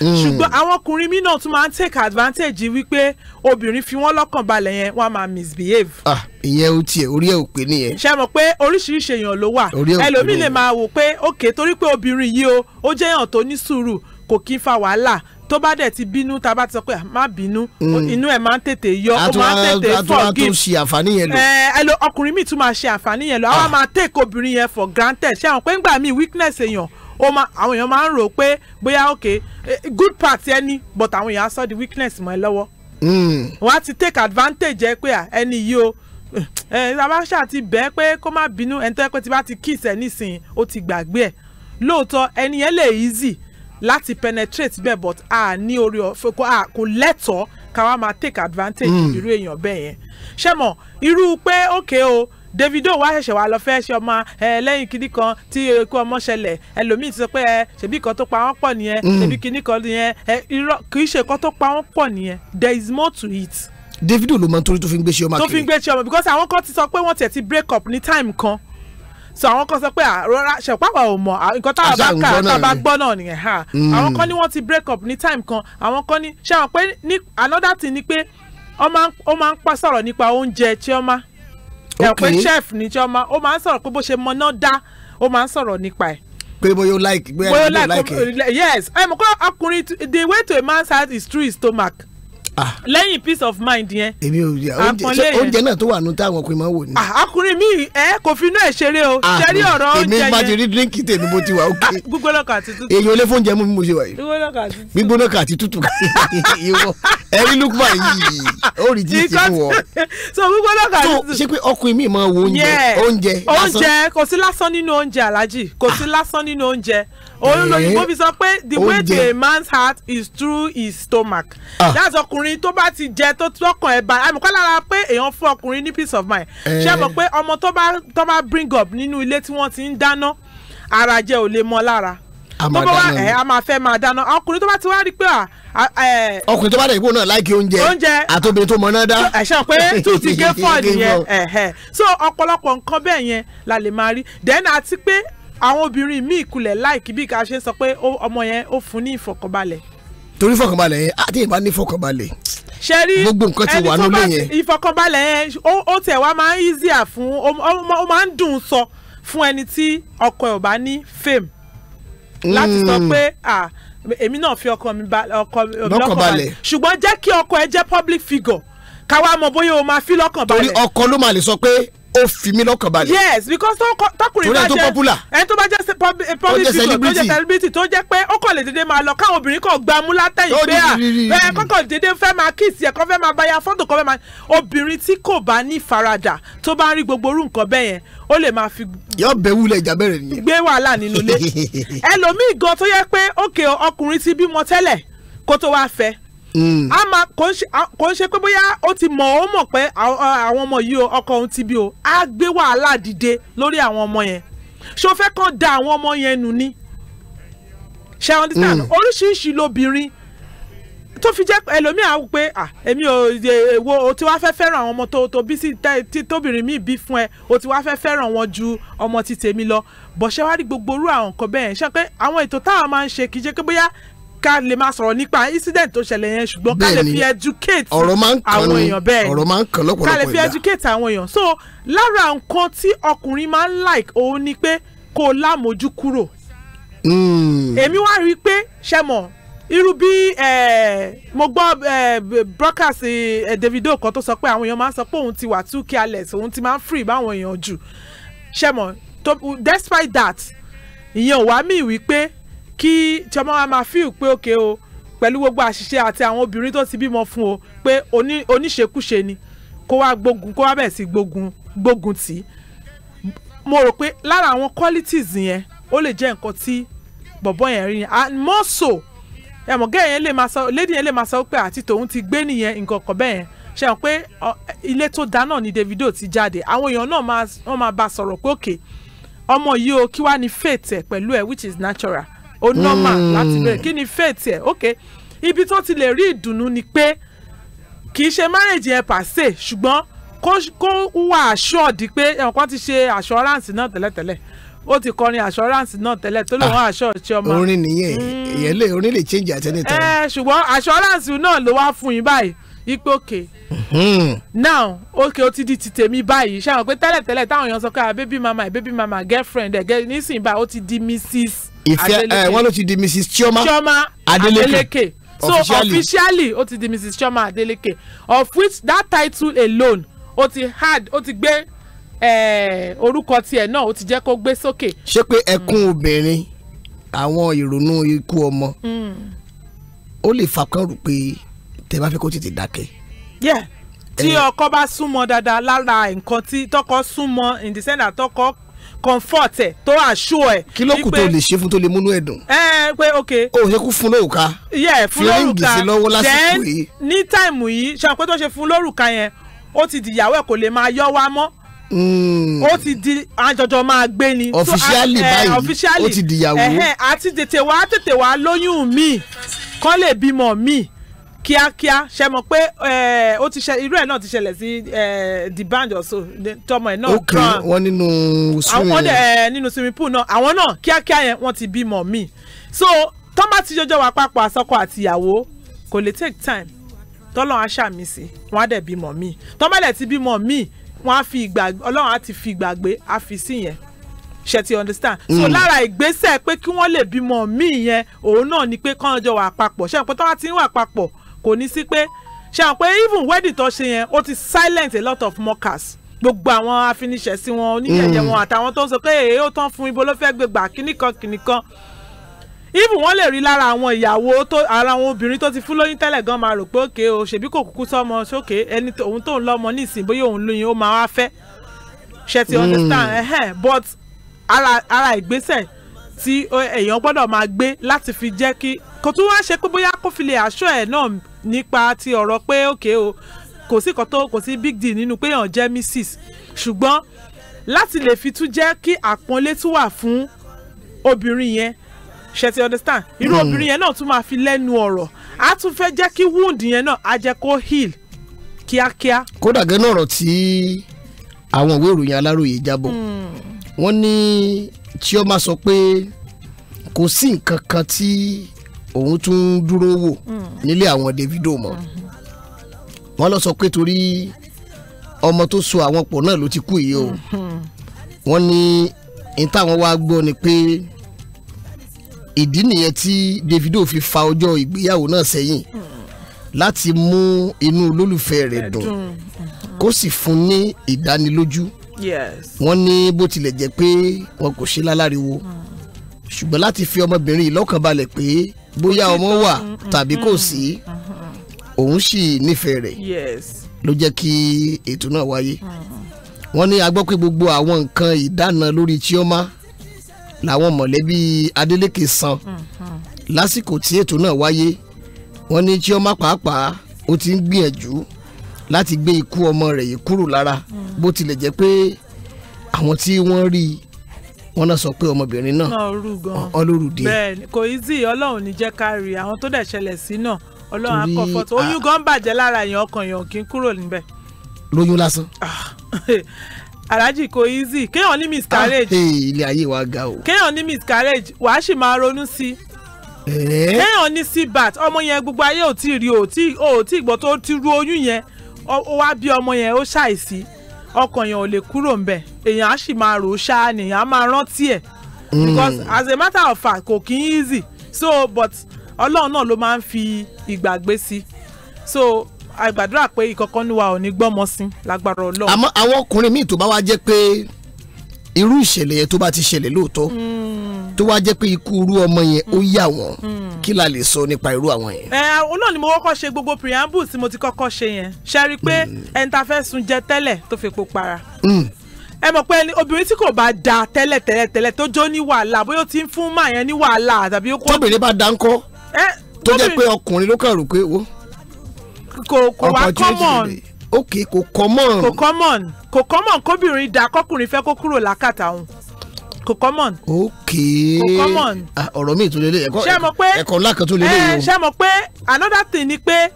Mm. ṣùgbọ́n àwọn ọkùnrin mi náà tún máa ń take advantage wípé obìnrin fi wọ́n lọ́kànbalẹ̀ yẹn wọ́n á máa misbehave. ah ìyẹn o tiẹ̀ orí ẹ̀ ò pé nìyẹn. ṣe mọ̀ pé oríṣiríṣi èèyàn ló wà ẹlòmíì lè máa wò pé òkè torí pé obìnrin yìí o ó jẹ́ èèyàn tó ní sùúrù kò kí ń fa wàhálà tó bá dẹ̀ ti bínú tá a bá ti sọ pé má bínú mm. inú ẹ̀ máa ń tètè yọ ó máa ń tètè forgive eh, ẹ ọkùnrin mi tún máa ṣe àǹfààní yẹn lọ àwa ah. máa take obìnrin yẹn for granted ṣé àwọn pé ńgbà míì weakness èèyàn ó máa àwọn èèyàn máa ń rò pé bóyá ok eh, good part ẹni but àwọn èèyàn á sọ di weakness mọ́ ẹ lọ́wọ́ mm. wọ́n á ti take advantage ẹ pé ẹni yìí o eh, ẹ rabasha ti bẹ́ẹ̀ pé kó má bínú ẹni tó yẹ pé ti bá ti kiss ẹ nísìnyí ó ti gbàgbé ẹ lóòótọ́ ẹni yẹn lè easy láti penetrate bẹ́ẹ̀ but a ní orí ọ̀fẹ́ kò lẹ́tọ̀ọ́ ká wá máa take advantage hmm. irú èèyàn bẹ́ẹ̀ yẹn ṣé mọ̀ irú pé òkè o Davido wá ṣẹ̀ṣẹ̀ wá lọ fẹ́ ṣe ọmọ ẹ lẹ́yìn kinní kan tí ikú ọmọ ṣẹlẹ̀ ẹlòmíì ti sọ pé ẹ ṣèbí kan tó pa wọ́n pọ̀ nìyẹn hmm. ṣèbí kinní kan nìyẹn ẹ irọ́ kì ṣe kan tó pa wọ́n pọ̀ nìyẹn there is more to it. Davido ló mọ nítorí tó fi ń gbé ṣe ọmọ kiri tó fi ń gbé ṣe ọmọ because àwọn kan ti sọ pé wọ́n tiẹ̀ ti break up ní time kan so àwọn kan sọ pé àrọ́rá ah, ṣẹ̀páwà ò mọ̀ ah, nǹkan tá a bá kà tá a bá gbọ́ náà nìyẹn ha mm. àwọn kan ní wọ́n ti break up ní time kan àwọn kan ní ṣé àwọn pé ní another thing ni pé ó máa ń pa sọ̀rọ̀ nípa oúnjẹ Chioma ẹ̀ pé chef ni Chioma ó máa ń sọ̀rọ̀ pé bó ṣe mọ náà dá ó máa ń sọ̀rọ̀ nípa ẹ̀ pé bóyá like bóyá o like, like, yes ẹ mọ̀ kọ́ ọkùnrin the way to a man's heart is through his stomach Ah. lẹ́yìn peace of mind yẹn. èmi ò yà oúnjẹ oúnjẹ náà tó wà nù táwọn ọkùnrin máa ń wò ni. Ah, ọkùnrin mi ẹ kò finú ẹ ṣeré o ah, ṣẹ́rí ọ̀rọ̀ oúnjẹ yẹn. èmi máa ti rí dírínkì tèmi bó ti wà ókè. gbígbóná kan àti tútù. èyí olè fóúnjẹ mú mi mo ṣe wà yìí. gbígbóná kan àti tútù. ìwọ ẹrí lukuma yìí ó rí jí ti fún wọn. so gbígbóná kan àti tútù. ṣé pé ọkùnrin mi máa wo oúnjẹ oúnjẹ lásán. oúnjẹ kò sí lásán nínú oúnjẹ aláàjì kò sí lásán nínú oúnjẹ òun lòyìnbó eh, fi sọ pé the way to a man's heart is through his stomach. Ah. that's ọkùnrin tó bá ti jẹ tó tọkàn ẹ bá àmì kọ́ lára pé èèyàn fún ọkùnrin ní peace of mind. Eh. ṣé mọ̀ pé ọmọ tó bá bring up nínú ilé tí wọ́n ti ń dáná ara jẹ ò lè mọ lára tó bá ẹ eh, a máa fẹ́ máa dáná ọkùnrin tó bá ti wá rí pé ah, ah, ọkùnrin tó bá dẹ̀ ìbò náà láìkí oúnjẹ àtòbìnrin tó mọ dá. ẹ ṣe pé tù ti gé fọ́ọ̀dì yẹn so ọ̀pọ̀lọpọ̀ nǹkan bẹ́ẹ̀ yẹn la lè máa rí then àti pé àwọn obìnrin míì kulẹ̀ láìkí bí ká ṣe sọ pé ọmọ yẹn ó fún ní ìfọ̀kànbalẹ̀. torí ìfọ̀kànbalẹ̀ yẹn àti ìbá ní ìfọ̀kànbalẹ̀ ṣe rí gbogbo nǹkan ti wà lónìí yẹn ìfọ̀kànbalẹ̀ yẹn ó tẹ̀ wá máa ń easier fún ó máa ń dùn sọ fún ẹni tí ọkọ ẹ̀ ò bá ní fame láti sọ hmm. pé èmi náà fi ọkọ mi lọ́kàn balẹ̀ ṣùgbọ́n jẹ́ kí ọkọ ẹ jẹ́ public figure káwa mọ̀ bóyá o máa fi lọ́kàn balẹ̀ torí ọkọ ló máa lè sọ pé ó fi mí lọ́kàn balẹ̀. yes because tọkùnrin bá jẹ ẹni tó bá jẹ eh, public figure tó jẹ celebrity tó jẹ pé ó kàn lè dédé máa lọ káwọn obìnrin kan gbà mú látẹ̀yìn pé à ah, bẹ́ẹ̀ kọ́kàn dédé fẹ́ máa kíìsì ẹ̀ kọ́ fẹ́ máa báyà fọ́tò kọ́ fẹ́ máa obìnrin tí kò bá ní faradà tó bá ń rí gbogbo orú nǹkan bẹ́ẹ̀ yẹn ó lè máa fi. yọ bẹ wúlẹ̀ ìjà bẹ̀rẹ̀ nìyẹn. gbé wàhálà nínú ilé ẹlòmíì gan tó yẹ pé òkè ọkùnrin ti bímọ tẹ́lẹ̀ kó tó wá fẹ́ Mm. a máa kò ń ṣe pé bóyá ó ti mọ̀ ó mọ̀ pé àwọn ọmọ yìí o ọkọ òun ti bí o á gbé wàhálà dìde lórí àwọn ọmọ yẹn ṣó fẹ́ kàn da àwọn ọmọ yẹn nù ni ṣe understand mm. oríṣiríṣi lobìnrin tó fi jẹ́ ẹlòmíà wò pé èmi ò wo o ti wá fẹ́ fẹ́ràn àwọn ọmọ tó tó bí sí tóbìnrin mi bí fún ẹ o ti wá fẹ́ fẹ́ràn wọn ju ọmọ ti tèmi lọ bọ̀ṣẹ́ wá rí gbogbo orú àwọn nǹkan bẹ́ẹ̀ ṣe pé àwọn ètò táwọn máa ń ṣe kì í ṣe pé bóyá ká lè máa sọ̀rọ̀ nípa incident tó ṣẹlẹ̀ yẹn ṣùgbọ́n ká lè fi educate àwọn èèyàn bẹ́ẹ̀ ọ̀rọ̀ máa ń kàn lọ́pọ̀lọpọ̀ ìgbà ká lè fi educate àwọn èèyàn so lára nǹkan tí ọkùnrin máa ń like òun ni pé kó o lámojú kúrò hmm. èmi wá rí i pé ṣe mọ̀ irú bí mo gbọ́ broadcast Davido kan tó sọ pé àwọn èèyàn máa ń sọ pé òun ti wà too careless òun ti máa ń free báwọn èèyàn jù ṣe mọ̀ despite that ìyẹn ò wá mí wípé kí tí ọmọ wa máa fíìl pé òkè o pẹ̀lú gbogbo àṣìṣe àti àwọn obìnrin tó ti bímọ fún o pé oníṣekúṣe ni kó wá gbógun kó wá bẹ̀rẹ̀ sí gbógun gbógun tì í mo rò pé lára àwọn qualities yẹn ó lè jẹ́ nǹkan tí bọ̀bọ̀ yẹn rí yẹn and so ẹ̀mọ̀ gẹ́ yẹn lè máa sọ lady yẹn lè máa sọ pé àti tòun ti gbé nìyẹn nǹkan kan bẹ́ẹ̀ yẹn ṣe hàn pé ilé tó dáa náà ni Davido ti jáde àwọn èèyàn náà máa wọ́n máa bá sọ̀rọ̀ pé òkè ọmọ yìí o kí wàá ní faith ẹ̀ pẹ̀lú ẹ̀ which is natural ó normal hmm. láti bẹ̀rẹ̀ kí ni faith ẹ̀ ok ibi tó ti lè rí ìdùnnú ni pé kì í ṣe marriage yẹn pàṣẹ ṣùgbọ́n kó kó wà assured pé ẹ̀wọ̀n kan ti ṣe assurance náà tẹ́lẹ̀tẹ́lẹ̀ ó ti kọrin assurance náà tẹ́lẹ̀ tó lè wọ́n aṣọ ọ̀ṣẹ́ ọmọ. orin nìyẹn hmm. ìyẹn lè orin lè change at any time. ẹ eh, ṣùgbọ́n assurance náà ló wá fún yín báyìí ipò òkè. Hmm. now òkè ó ti di ti tèmi báyìí ṣáà pé tẹ́lẹ̀tẹ́lẹ̀ táwọn èèyàn sọ pé ah, baby mama baby mama girlfriend ẹ̀ nísìnyí báyìí ó ti di mrs ìfẹ́ ẹ eh, wọ́n ló ti di mrs chioma, adeleke. adeleke so officially. officially ó ti di mrs chioma adeleke of which that title alone ó ti hard ó ti gbé eh, orúkọ tiẹ̀ náà ó ti jẹ́ kó gbé sókè. ṣé pé ẹkún obìnrin àwọn ìrònú ikú ọmọ hmm. ó lè fakán rò pé tẹ bá fẹ́ kó tètè dákẹ́. yeah tí eh. ọkọ bá súnmọ́ dáadáa lára nǹkan tí tọkọ súnmọ́ in tọkọ comfort ẹ tó àṣù ẹ. kí ló kù tó lè ṣe fún tó lè múnú ẹ dùn. ẹ pé ok. o ò ṣe kú fún lórúkà. yẹ fún lórúkà fi lọ́wọ́ lásìkò yìí. ní táìmù yìí ṣàpẹ́ tó ṣe fún lórúkà yẹn ó ti dìyàwó ẹ̀ kò lè máa yọ wá mọ́. Hmm. ó ti di àjọjọ máa gbé ni. ọ̀fíṣíálì eh, báyìí ó ti dìyàwó. àti tètè wá tètè wá lóyún mi kọ́ lè bímọ mi kíákíá ṣe mọ̀ pé eh, ó ti ṣe irú ẹ̀ náà ti ṣẹlẹ̀ sí eh, the band also tọmọ ẹ̀ náà kan wọn nínú swimming àwọn ọdẹ eh, nínú swimming pool náà àwọn náà kíákíá yẹn wọ́n ti bímọ mi so tọ́mà ti jọjọ́ wà papọ̀ àsọkọ àti ìyàwó kò lè take time tọ́lọ́run aṣàmì sí wọ́n á dẹ̀ bímọ mi tọ́mà dẹ̀ ti bímọ mi wọ́n á fi ìgbà ọlọ́run á ti fi ìgbàgbé á fi sí yẹn ṣe ti understand. so mm. lára ìgbésẹ̀ pé kí wọ́n lè bímọ míì yẹn òun náà ni pé kọ́ńjọ wà papọ̀ ṣe é pé tọ́wọ́ ti ń wà papọ̀ kò ní sí pé ṣe àwọn pé even wedding tó ṣe yẹn ó ti silent a lot of mockers gbogbo àwọn afiniṣẹ̀sí wọn oníyẹ̀yẹ̀ mm. wọn àtàwọn tó ń sọ pé èyí ó tán fún ibo ló fẹ́ gbé gbà kínníkan kínníkan even wọ́n lè rí lára àwọn ìyàwó tó ara àwọn obìnrin tó ti fún lóyún tẹ́lẹ̀ gan máa rò pé òkè o ṣèbí kò kúkú sọmọ sókè ẹni òun tó ń lọ́mọ ní ìsìn bóyá òun lóyún ó máa wá fẹ́ ṣe ti mm. understand ẹ̀hẹ́n but ara ara ìgbésẹ̀ tí èèyàn gbọ́dọ̀ máa gbé láti fi jẹ́ kí kò tún wá ṣe pé bóyá kó fi lè àṣọ ẹ̀ náà nípa ti ọ̀rọ̀ pé òkè o kò sí kan tó kò sí big deal nínú pé èèyàn jẹ́ mrs ṣùgbọ́n láti lè fi tún jẹ́ kí àpọ́nlé tún wà fún obìnrin yẹn ṣe understand irú hmm. obìnrin yẹn náà tún máa fi lẹ́nu ọ̀rọ̀ á tún fẹ́ jẹ́ kí wound yẹn náà á jẹ́ kó heal kíákíá. kódà gẹ́gẹ́ náà ọ̀rọ̀ tí àwọn ìwé ìròyìn aláròye jábọ̀ hmm. wọ́n ní Chioma sọ pé kò sí nǹkan kan tí òun tún dúró wò hmm. nílé àwọn Davido mọ́ hmm. wọ́n lọ sọ pé torí ọmọ tó so àwọn pọ̀ náà ló ti kú yìí o hmm. wọ́n ní ní táwọn wá gbọ́ ni pé ìdí nìyẹn tí Davido fi fa ọjọ́ ìgbéyàwó náà sẹ́yìn láti mú inú olólùfẹ́ rẹ̀ dùn kó sì fún ní ìdánilójú wọ́n ní bó tilẹ̀ jẹ́ pé wọn kò ṣe lálàriwo ṣùgbọ́n láti fi ọmọbìnrin yìí lọ́kàn balẹ̀ pé bóyá ọmọ wà mm, mm, tàbí kò mm, sí òun sì nífẹ̀ẹ́ rẹ̀ ló jẹ́ kí ètò náà wáyé wọ́n ní a gbọ́ pé gbogbo àwọn nǹkan ìdáná lórí Chioma làwọn mọ̀lẹ́bí Adeleke san lásìkò tí ètò náà wáyé wọ́n ní Chioma pàápàá ó ti ń gbìyànjú láti gbé ikú ọmọ rẹ̀ yìí kúrò lára bó tilẹ̀ jẹ́ pé àwọn tí wọ́n rí i wọn náà sọ pé ọmọbìnrin náà ọlọ́rù díẹ̀. bẹ́ẹ̀ni kò í sí Ọlọ́run ní jẹ́ ká rí àwọn tó dẹ̀ ṣẹlẹ̀ sí náà Ọlọ́run akọfọtò oyún gan bàjẹ́ lára èèyàn ọkàn èèyàn kì í kúrò níbẹ̀. lóyún lásán. Ah, Alhaji kò í sí kéèyàn ní miscarriage. Ah, ilé ayé wa ga o. kéèyàn ní miscarriage wàá sì máa ronú sí i kéèyàn ní cbat ọmọ yẹn gbogbo ayé ò tí ì rí ò tí ì gbọ́ tó ti ru oyún yẹn ó wá bí ọmọ yẹn ó ṣàìsí ọkàn èèyàn ò lè kúrò ńbẹ̀ èèyàn á sì máa rò ṣáá nìyẹn á máa rántí ẹ̀ because mm. as a matter of fact kò kí ń easy so but ọlọ́run náà ló máa ń fi ìgbàgbé sí so àgbàdúrà pé ìkọ̀kan ní wa ò ní gbọ́mọ sí lágbára ọlọ́run. àmọ́ àwọn ọkùnrin míì tó bá wá jẹ́ pé irú ìṣẹ̀lẹ̀ yẹn tó bá ti ṣẹlẹ̀ lóòótọ́ mm. tó wá jẹ́ pé ikú irú ọmọ yẹn ó yà wọ́n mm. Mm. kí la lè sọ nípa irú àwọn yẹn. ẹ olóòní mo kọ́kọ́ ṣe gbogbo preamble tí mo ti kọ́kọ́ ṣe yẹn ṣe rí i pé ẹni tá a fẹ́ sun jẹ tẹ́lẹ̀ tó fi po para. ẹ mọ̀ pé ẹni obìnrin tí kò bá da tẹ́lẹ̀ tẹ́lẹ̀ tẹ́lẹ̀ tó jó ní wàhálà bóyá ó ti ń fún máa yẹn ní wàhálà tàbí ó kó. tóbìnrin bá da ńkọ́ tó jẹ́ pé ọkùnrin ló kàn rò pé wo. kò kò wá common ok kò common. kò common kò common kóbìnrin da kọkùnrin fẹ́ kó kúrò lákàtà òun kò common. ok kò common. Ah, ọ̀rọ̀ mi tún lè lè ẹ̀kọ́ ẹ̀kọ́ ńlá kan tún lè lè o. Eh, ṣé mo pé another thing ni pé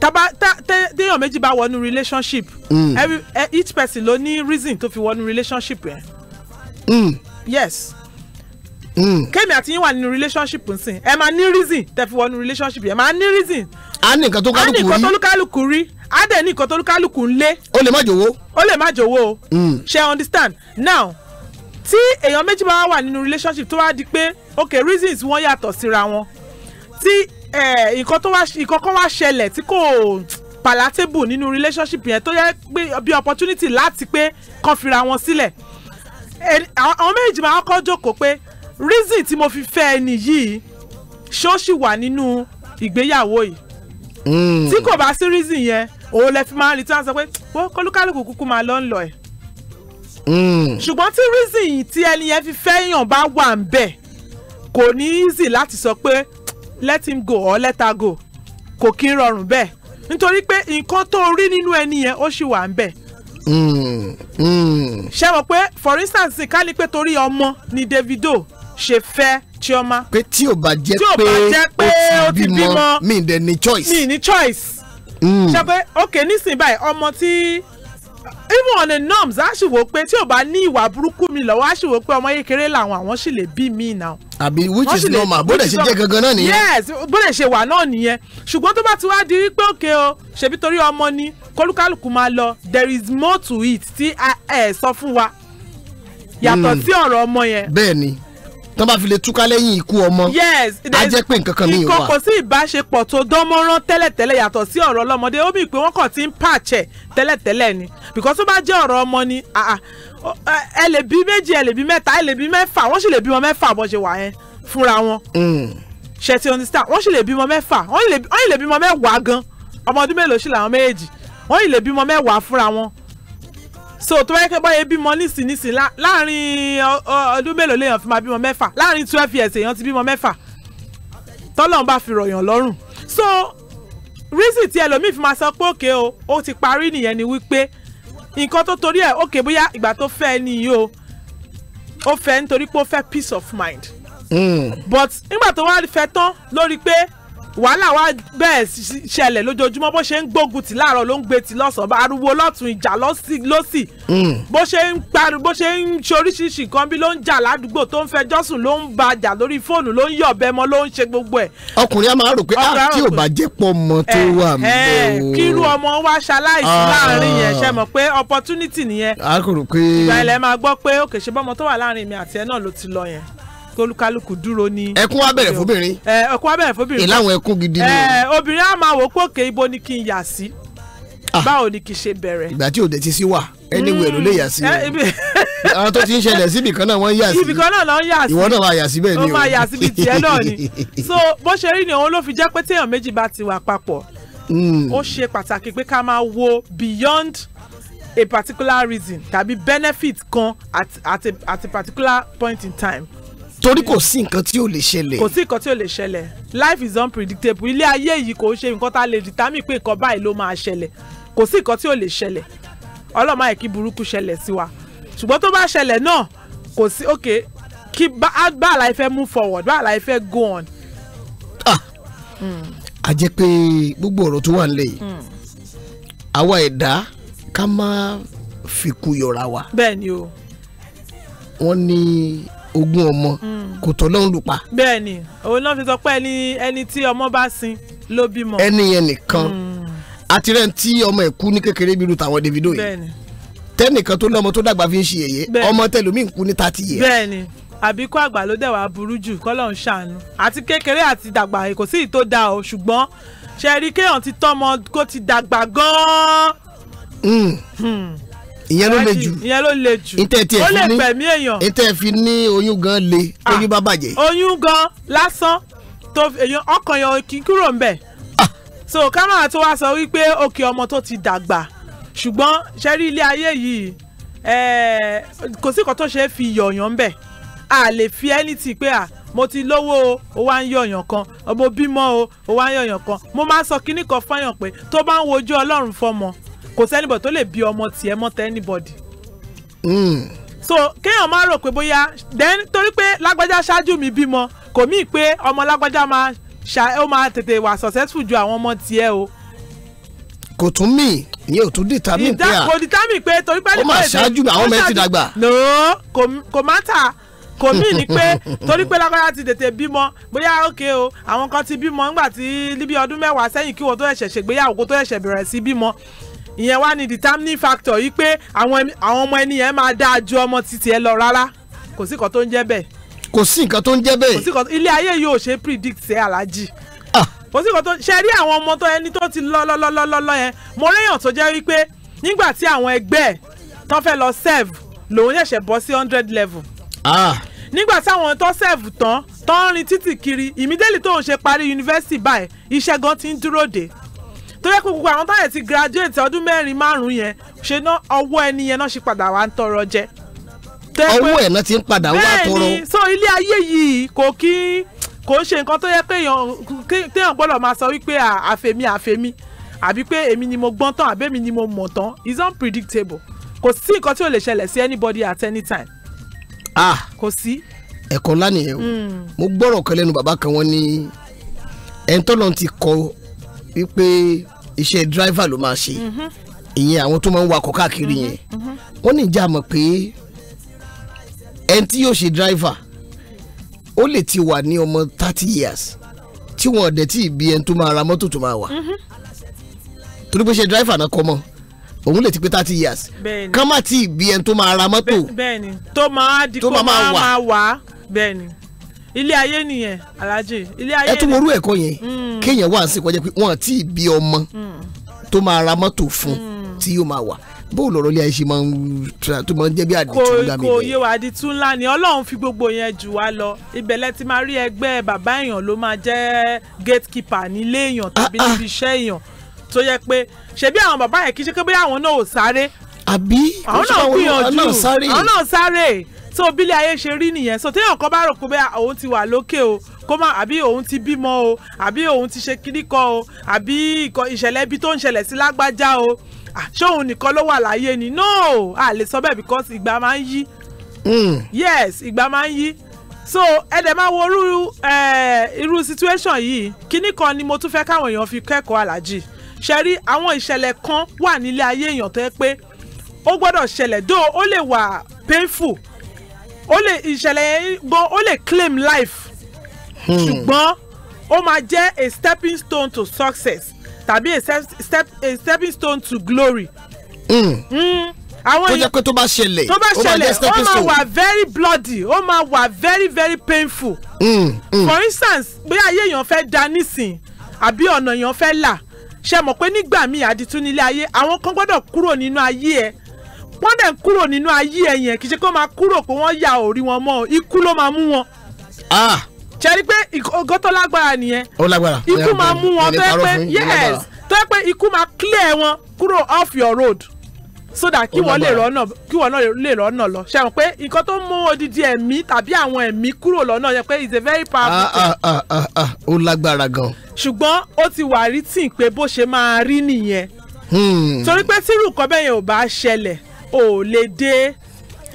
taba ta téèyàn méjì bá wọnú relationship. Mm. every eh, each person ló ní reason tó fi wọnú relationship yẹn. Mm. yes. Mm. kémi àti yín wà nínú relationship nsìn ẹ máa ní reason tẹ́ fi wọnú relationship yẹn ẹ máa ní reason a ní nǹkan tó kálukú rí a ní nǹkan tó kálukú rí a dẹ̀ ní nǹkan tó kálukú ń lé. ó lè má jòwó. ó lè má jòwó o. Mm. ṣe understand now tí èèyàn méjì bá wà nínú relationship tó wá di pé okay reasons wọ́n yàtọ̀ síra wọn tí nǹkan tó wá nǹkan kan wá ṣẹlẹ̀ tí kò palatable nínú relationship yẹn tó yẹ pé bí opportunity láti pé kàn fira wọn sílẹ̀ àwọn méjì máa kọ́ jókòó pé reason tí mo fi fẹ́ ẹni yìí ṣó sì wà nínú ìgbéyàwó yìí Mm. tí kò bá sí reason yẹn òun lẹ fi máa rí tí wọ́n sọ pé wọ́n kọ́lùkálùkù kúkú máa lọ́ ń lọ ẹ̀. Mm. ṣùgbọ́n tí reason tí ẹni yẹn fi fẹ́yàn bá wà ń bẹ̀ kò ní easy láti sọ pé let him go or let her go kò kí ń rọrùn bẹ́ẹ̀ nítorí pé nǹkan tó rí nínú ẹni yẹn ó ṣì wà ń bẹ̀ mm. ṣe mọ̀ pé for instance ká ní pé torí ọmọ ni Davido ṣe fẹ́ chioma. pé tí ò bá jẹ́ pé ó ti bímọ mi dẹ̀ ní choice. mi ní choice. Mm. ṣe pé ok nísìnyí báyìí ọmọ tí even on the norms a ṣì wò pé tí ò bá ní ìwà burúkú mi lọ́wọ́ a ṣì wò pé ọmọ kékeré làwọn àwọn ṣì lè bí mi now. àbí which is normal bó dẹ̀ ṣe jẹ́ gangan náà nìyẹn. yes bó dẹ̀ ṣe wà náà nìyẹn ṣùgbọ́n tó bá ti wá di wípé òkè o ṣèbí torí ọmọ ni kólúkálùkù máa lọ there is more to it tí ẹ sọ fún wa yàtọ̀ mm. sí ọ̀rọ̀ ọmọ yẹn. bẹ́ẹ̀ tán bá fi lè túká lẹ́yìn ikú ọmọ á jẹ́ pé nǹkan kan mi wà. ìkọ̀kọ̀ sí ìbáṣepọ̀ tó dánmọ́rán tẹ́lẹ̀tẹ́lẹ̀ yàtọ̀ sí ọ̀rọ̀ ọlọ́mọdé ó bì pé wọ́n kàn ti ń pàṣẹ tẹ́lẹ̀tẹ́lẹ̀ ni bìkọ́ tó bá jẹ́ ọ̀rọ̀ ọmọ ni ẹ lè bí méjì ẹ lè bí mẹ́ta ẹ lè bí mẹ́fà wọ́n sì lè bímọ mẹ́fà bó ṣe wà yẹn fúnra wọn mm. ṣe ti understand wọ́n sì lè bímọ mẹ́fà wọ́n sì lè bímọ mẹ́wàá gan ọmọ ọdún mélòó sì làwọn méjèèjì wọ́n sì lè bímọ mẹ́wàá fúnra wọn so tó bá yẹ kí bọ́yẹ bímọ nísinsìnyí láàrin ọdún mélòó lèèyàn fi máa bímọ mẹ́fà láàrin twelve years èèyàn ti bímọ mẹ́fà tọ́lọ́run bá fi rọ̀yàn lọ́rùn so reason tí ẹlòmíì fi máa sọ pé òkè o ó ti parí nìyẹn ni wípé nǹkan tó torí ẹ̀ òkè bóyá ìgbà tó fẹ́ ẹ nìyí o ó fẹ́ nítorí pé ó fẹ́ peace of mind hmm. but nígbà tó wá fẹ́ tán lórí pé wàhálà wa bẹ́ẹ̀ ṣẹlẹ̀ lójoojúmọ́ bó ṣe ń gbógun tì láàárọ̀ ló ń gbé tì lọ́sàn-án ariwo lọ́tún ìjà lọ́sì mm. bó ṣe ń pariwo bó ṣe ń ṣe nǹkan bí ló ń jà ládùúgbò tó ń fẹjọ́ sùn ló ń ba jà lórí fóònù ló ń yọ̀ bẹ́ẹ̀ mọ́ ló ń ṣe gbogbo ẹ̀. ọkùnrin a máa rò pé ah, a tí ò bá jẹ́ pọ̀ ọmọ tó wà mọ́ eh, eh, o. kírú ọmọ wa ṣaláìsí ah. láàrin yẹn ṣe opportunity nìyẹn. a kò rò pé. ìgbà ilẹ̀ máa gbọ́ pé òkè ṣe kólúkálùkù dúró ni. ẹkún wa bẹ̀rẹ̀ fóbìnrin. ẹ ẹkún wa bẹ̀rẹ̀ fóbìnrin. ìlànà ẹkún gidi ni. ẹ obìnrin á máa wò pókè ibo ni kí n yà sí. Ah. báwo ni kì í ṣe bẹ̀rẹ̀. ìgbà tí òde ti sí wà anywhere ló lè yà sí mm, eh, àwọn tó ti ń ṣẹlẹ̀ síbi kan náà wọ́n yà sí ibì kan náà lọ́n yà sí ìwọ náà máa yà sí bẹ́ẹ̀ ni o ó máa yà síbi tiẹ̀ náà ni so bó ṣe rí ni òun ló fi jẹ́ pé téèyàn méjì bá ti wà papọ̀ mm. ó ṣe pàtàkì pé ká máa wo beyond a particular reason tàbí benefit kan at, at, a, at a particular point in time torí kò sí nǹkan tí ò lè ṣẹlẹ̀. kò sí nǹkan tí ò lè ṣẹlẹ̀ life is unpredictable ilé ayé yìí kò ṣe nǹkan tá a lè determine pé nǹkan báyìí ló máa ṣẹlẹ̀ kò sí nǹkan tí ò lè ṣẹlẹ̀ ọlọ́mọ àìkí burúkú ṣẹlẹ̀ sí wa ṣùgbọ́n tó bá ṣẹlẹ̀ náà kò sí ok kí bá àlàyé fẹ́ move forward bá àlàyé fẹ́ go on. Ah! a jẹ́ pé gbogbo ọ̀rọ̀ tó wà nílẹ̀ yìí hmm. àwa ẹ̀dá ká má fikú yọra wa. bẹ́ẹ̀ ni o. wọ́n ní ogún ọmọ hmm. kò tọ́ lọ́hùn lù pa. bẹ́ẹ̀ni òun náà fi sọ pé ẹni ẹni tí ọmọ bá sin ló bímọ. ẹni yẹn nìkan hmm. àti rẹ̀ ń tí ọmọ ẹ̀ kú ní kékeré bí irú tàwọn Davido yìí tẹ́nìkan tó lọ́mọ tó dàgbà fi ń ṣe yẹ̀yẹ́ ọmọ tẹlómi ń kú ní thirty years. bẹ́ẹ̀ni àbíkú àgbà ló dẹ̀ wá burú jù kọ́lọ́run ṣàánú àti kékeré àti dàgbà kò sí ì tó da o ṣùgbọ́n ṣe rí kéèyàn ti tọ́mọ kó ti dàgbà gan-an. Hmm ìyẹn ló le jù ìyẹn ló le jù ó lè pẹ̀mí èèyàn ìtẹ̀ fi ní oyún gan le ah, oyún bá bàjẹ́. oyún gan lásán tó èèyàn ọkàn yẹn kì í kúrò ńbẹ̀ ah. so ká máa tó wá sọ wípé òkè ọmọ tó ti dàgbà ṣùgbọ́n ṣẹ́rí ilé ayé yìí eh, kò sí nǹkan tó ṣe é fi yọ̀yàn ńbẹ̀ a lè fi anything pé à mo ti lówó o wá ń yọ̀yàn kan ọmọ bímọ o o wá ń yọ̀yàn kan mo máa ń sọ kinní fáyàn pé tó bá ń wojú ọlọ́run fọmọ kò sẹ́nìbọ̀ tó lè bí ọmọ tiẹ̀ mọ́ tẹ́ hmm. so kéèyàn máa rò pé bóyá then torí pé lágbájá ṣáájú mi bímọ kò míì pé ọmọ lágbájá máa ó máa tètè wà successful ju àwọn ọmọ tiẹ̀ o. kò tún mì ìyẹn ò tún determine pé à kò determine pé torí pé. ó máa ṣáájú àwọn mẹ́tì dàgbà. no kò má tà kò mí ni pé torí pé lágbára ti tètè bímọ bóyá òkè o àwọn kan ti bímọ nígbà tí níbi ọdún mẹ́wàá sẹ́yìn kí wọ́n tó ẹ̀ṣẹ̀ ṣègbéyàwó kó tó ẹ̀ṣẹ̀ bẹ̀rẹ̀ sí bímọ ìyẹn wá ní determining factor yìí pé àwọn ọmọ ẹni yẹn máa dáa ju ọmọ títí ẹ lọ rárá kò sí nǹkan tó ń jẹ́ bẹ́ẹ̀. kò sí nǹkan tó ń jẹ́ bẹ́ẹ̀. ilé ayé yóò ṣe predict ẹ aláàjì. Ah. kò sí nǹkan tó ṣe rí àwọn ọmọ tó ẹni tó ti lọ lọ́lọ́lọ́lọ́ yẹn mo réyàn tó jẹ́ wípé nígbà tí àwọn ẹgbẹ́ tán fẹ́ lọ serve lòun ṣẹ̀ṣẹ̀ bọ́ sí hundred level. Ah. nígbà táwọn tó serve tán tán rin títì kiri immediately tóun ṣe parí yunifásitì báyìí iṣẹ́ gan ti ń dúró dè tó yẹ àwọn táyẹ̀ ti graduate ọdún mẹ́rin márùn-ún yẹn ṣe ná ọwọ́ ẹni yẹn náà ṣe padà wá ń tọrọ jẹ. ọwọ́ ẹ̀ náà ti ń padà wá tọrọ. bẹ́ẹ̀ni so ilé ayé yìí kò kí kò ń ṣe nǹkan tó yẹ kéèyàn gbọ́dọ̀ máa sọ wípé àfẹ́mi àfẹ́mi àbí pé èmi ni mo gbọ́n tán àbí èmi ni mo mọ̀ tán is unpredictable kò sí nǹkan tí ò lè ṣẹlẹ̀ sí anybody at any time. ah kò sí. ẹ̀kọ́ ńlá nìyẹn o hmm. mo gbọ́rọ̀ kan lẹ́nu bàbá kan wọ́n ní ẹni ti kọ wípé iṣẹ́ dírìvà ló máa ṣe ìyẹn àwọn tó máa ń wakọ̀ káàkiri yẹn wọ́n ní ìjà mọ̀ pé ẹni tí yóò ṣe dírìvà ó lè ti wà ní ọmọ thirty years tí wọn ọ̀dẹ̀ tí ìbí ẹni tó máa ra mọ́tò tó máa wà torí pé ṣe dírìvà náà kọ́ mọ́ òun lè ti pé thirty years kán má tí ìbí ẹni tó máa ra mọ́tò tó máa wà ilé ayé nìyẹn alájì ilé ayé. ẹ tún morú ẹ̀kọ́ yẹn hmm. kéèyàn wà sí kọjá pé wọ́n ti bí ọmọ hmm. tó máa ra mọ́tò fún hmm. tí yóò máa wà bóun lọ̀rọ̀ ilé ayé ṣe máa ń tó máa ń jẹ́ bí àdìtú ńlá mi bẹ́ẹ̀. kò yé wa àdìtú ńlá ni ọlọ́run fi gbogbo yẹn jù wá lọ ìbẹ̀lẹ̀ ti máa rí ẹgbẹ́ bàbá èèyàn ló máa jẹ́ gatekeeper nílé èèyàn tàbí ah, ah. níbi iṣẹ́ èèyàn tó yẹ pé ṣebí àwọn bàbá yẹn kì í ṣe pé bóyá àwọn náà ò sáré. àbí àwọn náà sáré. àwọn náà sáré so bílẹ̀ ayé ṣe rí nìyẹn so téèyàn kan bá rò pé bẹ́ẹ̀ òun ti wà lókè o kó má àbí òun ti bímọ o àbí òun ti ṣe kíní kan o àbí ìṣẹ̀lẹ̀ ibi tó ń ṣẹlẹ̀ sí lágbájá o ṣóun nìkan ló wà láyé ni no a lè sọ bẹ́ẹ̀ because ìgbà máa ń yí hmm. yes ìgbà máa ń yí so ẹ dẹ̀ máa wo irú irú situation yìí kíní kan ni mo tún fẹ́ káwọn èèyàn fi kẹ́kọ̀ọ́ aláàjì ṣe rí àwọn ìṣẹ̀lẹ̀ kan wà nílé ayé èèyàn tó yẹ pé ó gbọ́dọ̀ ṣẹlẹ̀ dó ó lè wà painful ó lè ìṣẹ̀lẹ̀ yẹn gan ó lè claim life hmm. ṣùgbọ́n ó máa jẹ́ a stepping stone to success tàbí a, step, a stepping stone to glory. Hmm. Hmm. àwọn èèyàn tó jẹ́ pé tó bá ṣẹlẹ̀ tó bá ṣẹlẹ̀ ó máa wà very bloody ó máa wà very very painful. Mm, mm. for instance bí ayé èèyàn fẹ́ da nísìn àbí ọ̀nà èèyàn fẹ́ là ṣe mọ̀ pé nígbà míì àdìtú nílé ayé àwọn kan gbọ́dọ̀ kúrò nínú ayé ẹ̀ wọ́n dẹ̀ kúrò nínú ayé ẹ̀ kì í ṣe kó máa kúrò pé wọ́n ya orí wọn mọ́ ikú ló máa mú wọn. Ah! ṣẹ́rí pé ọgọ́ lágbára nìyẹn ikú máa mú wọn tó yẹ pé yes tó yẹ pé ikú máa clear wọn kúrò off your road so that kí wọ́n lè rọ́nà kí wọ́n lè rọ́nà lọ ṣe àwọn pé nǹkan tó mú odidi ẹ̀mí tàbí àwọn ẹ̀mí kúrò lọ́nà yẹ pé it's a very powerful ah, thing. Ah, ó lágbára gan. ṣùgbọ́n ó ti wà rí tí pé bó ṣe máa rí nìyẹn. Hmm. torí pé tírù kan bẹ́ẹ̀ yẹn ò bá ṣẹlẹ̀ ò lè dé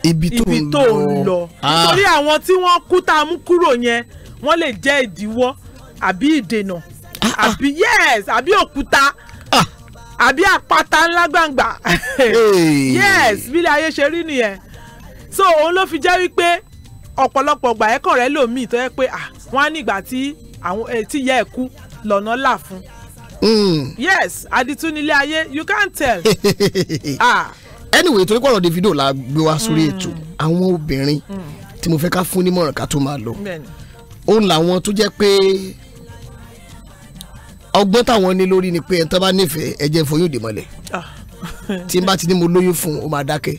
ibi tó ń lọ ah. nítorí àwọn tí wọ́n kú tá a mú kúrò yẹn wọ́n lè jẹ́ ìdíwọ́ àbí ìdènà ah, ah. àbí yes àbí òkúta àbí àpáta ńlá gbàǹgbà yes bílẹ̀ ayé ṣe rí nìyẹn so òun ló fi jẹ́ wípé ọ̀pọ̀lọpọ̀ ọgbà ẹ̀kọ́ rẹ lòmíì tó yẹ pé wọ́n á ní ìgbà tí àwọn etí eh, yẹ ẹ̀ kú lọ́nà là fún. Hmm. yes àdìtú nílé ayé you can't tell. ah. anyway torí pọ̀rọ̀ Davido la gbé wá sórí mm. ètò àwọn obìnrin mm. tí mo fẹ́ ká fún nímọ̀ràn ká tó máa lọ òun làwọn tó jẹ́ pé ọgbọ́n táwọn ní lórí ni pé ẹ̀ńtọ́ bá nífẹ̀ẹ́ ẹ̀jẹ̀ fọyín òdì mọ́lẹ̀ ah. tí n bá ti ní mo lóyún fún un ó máa dákẹ́.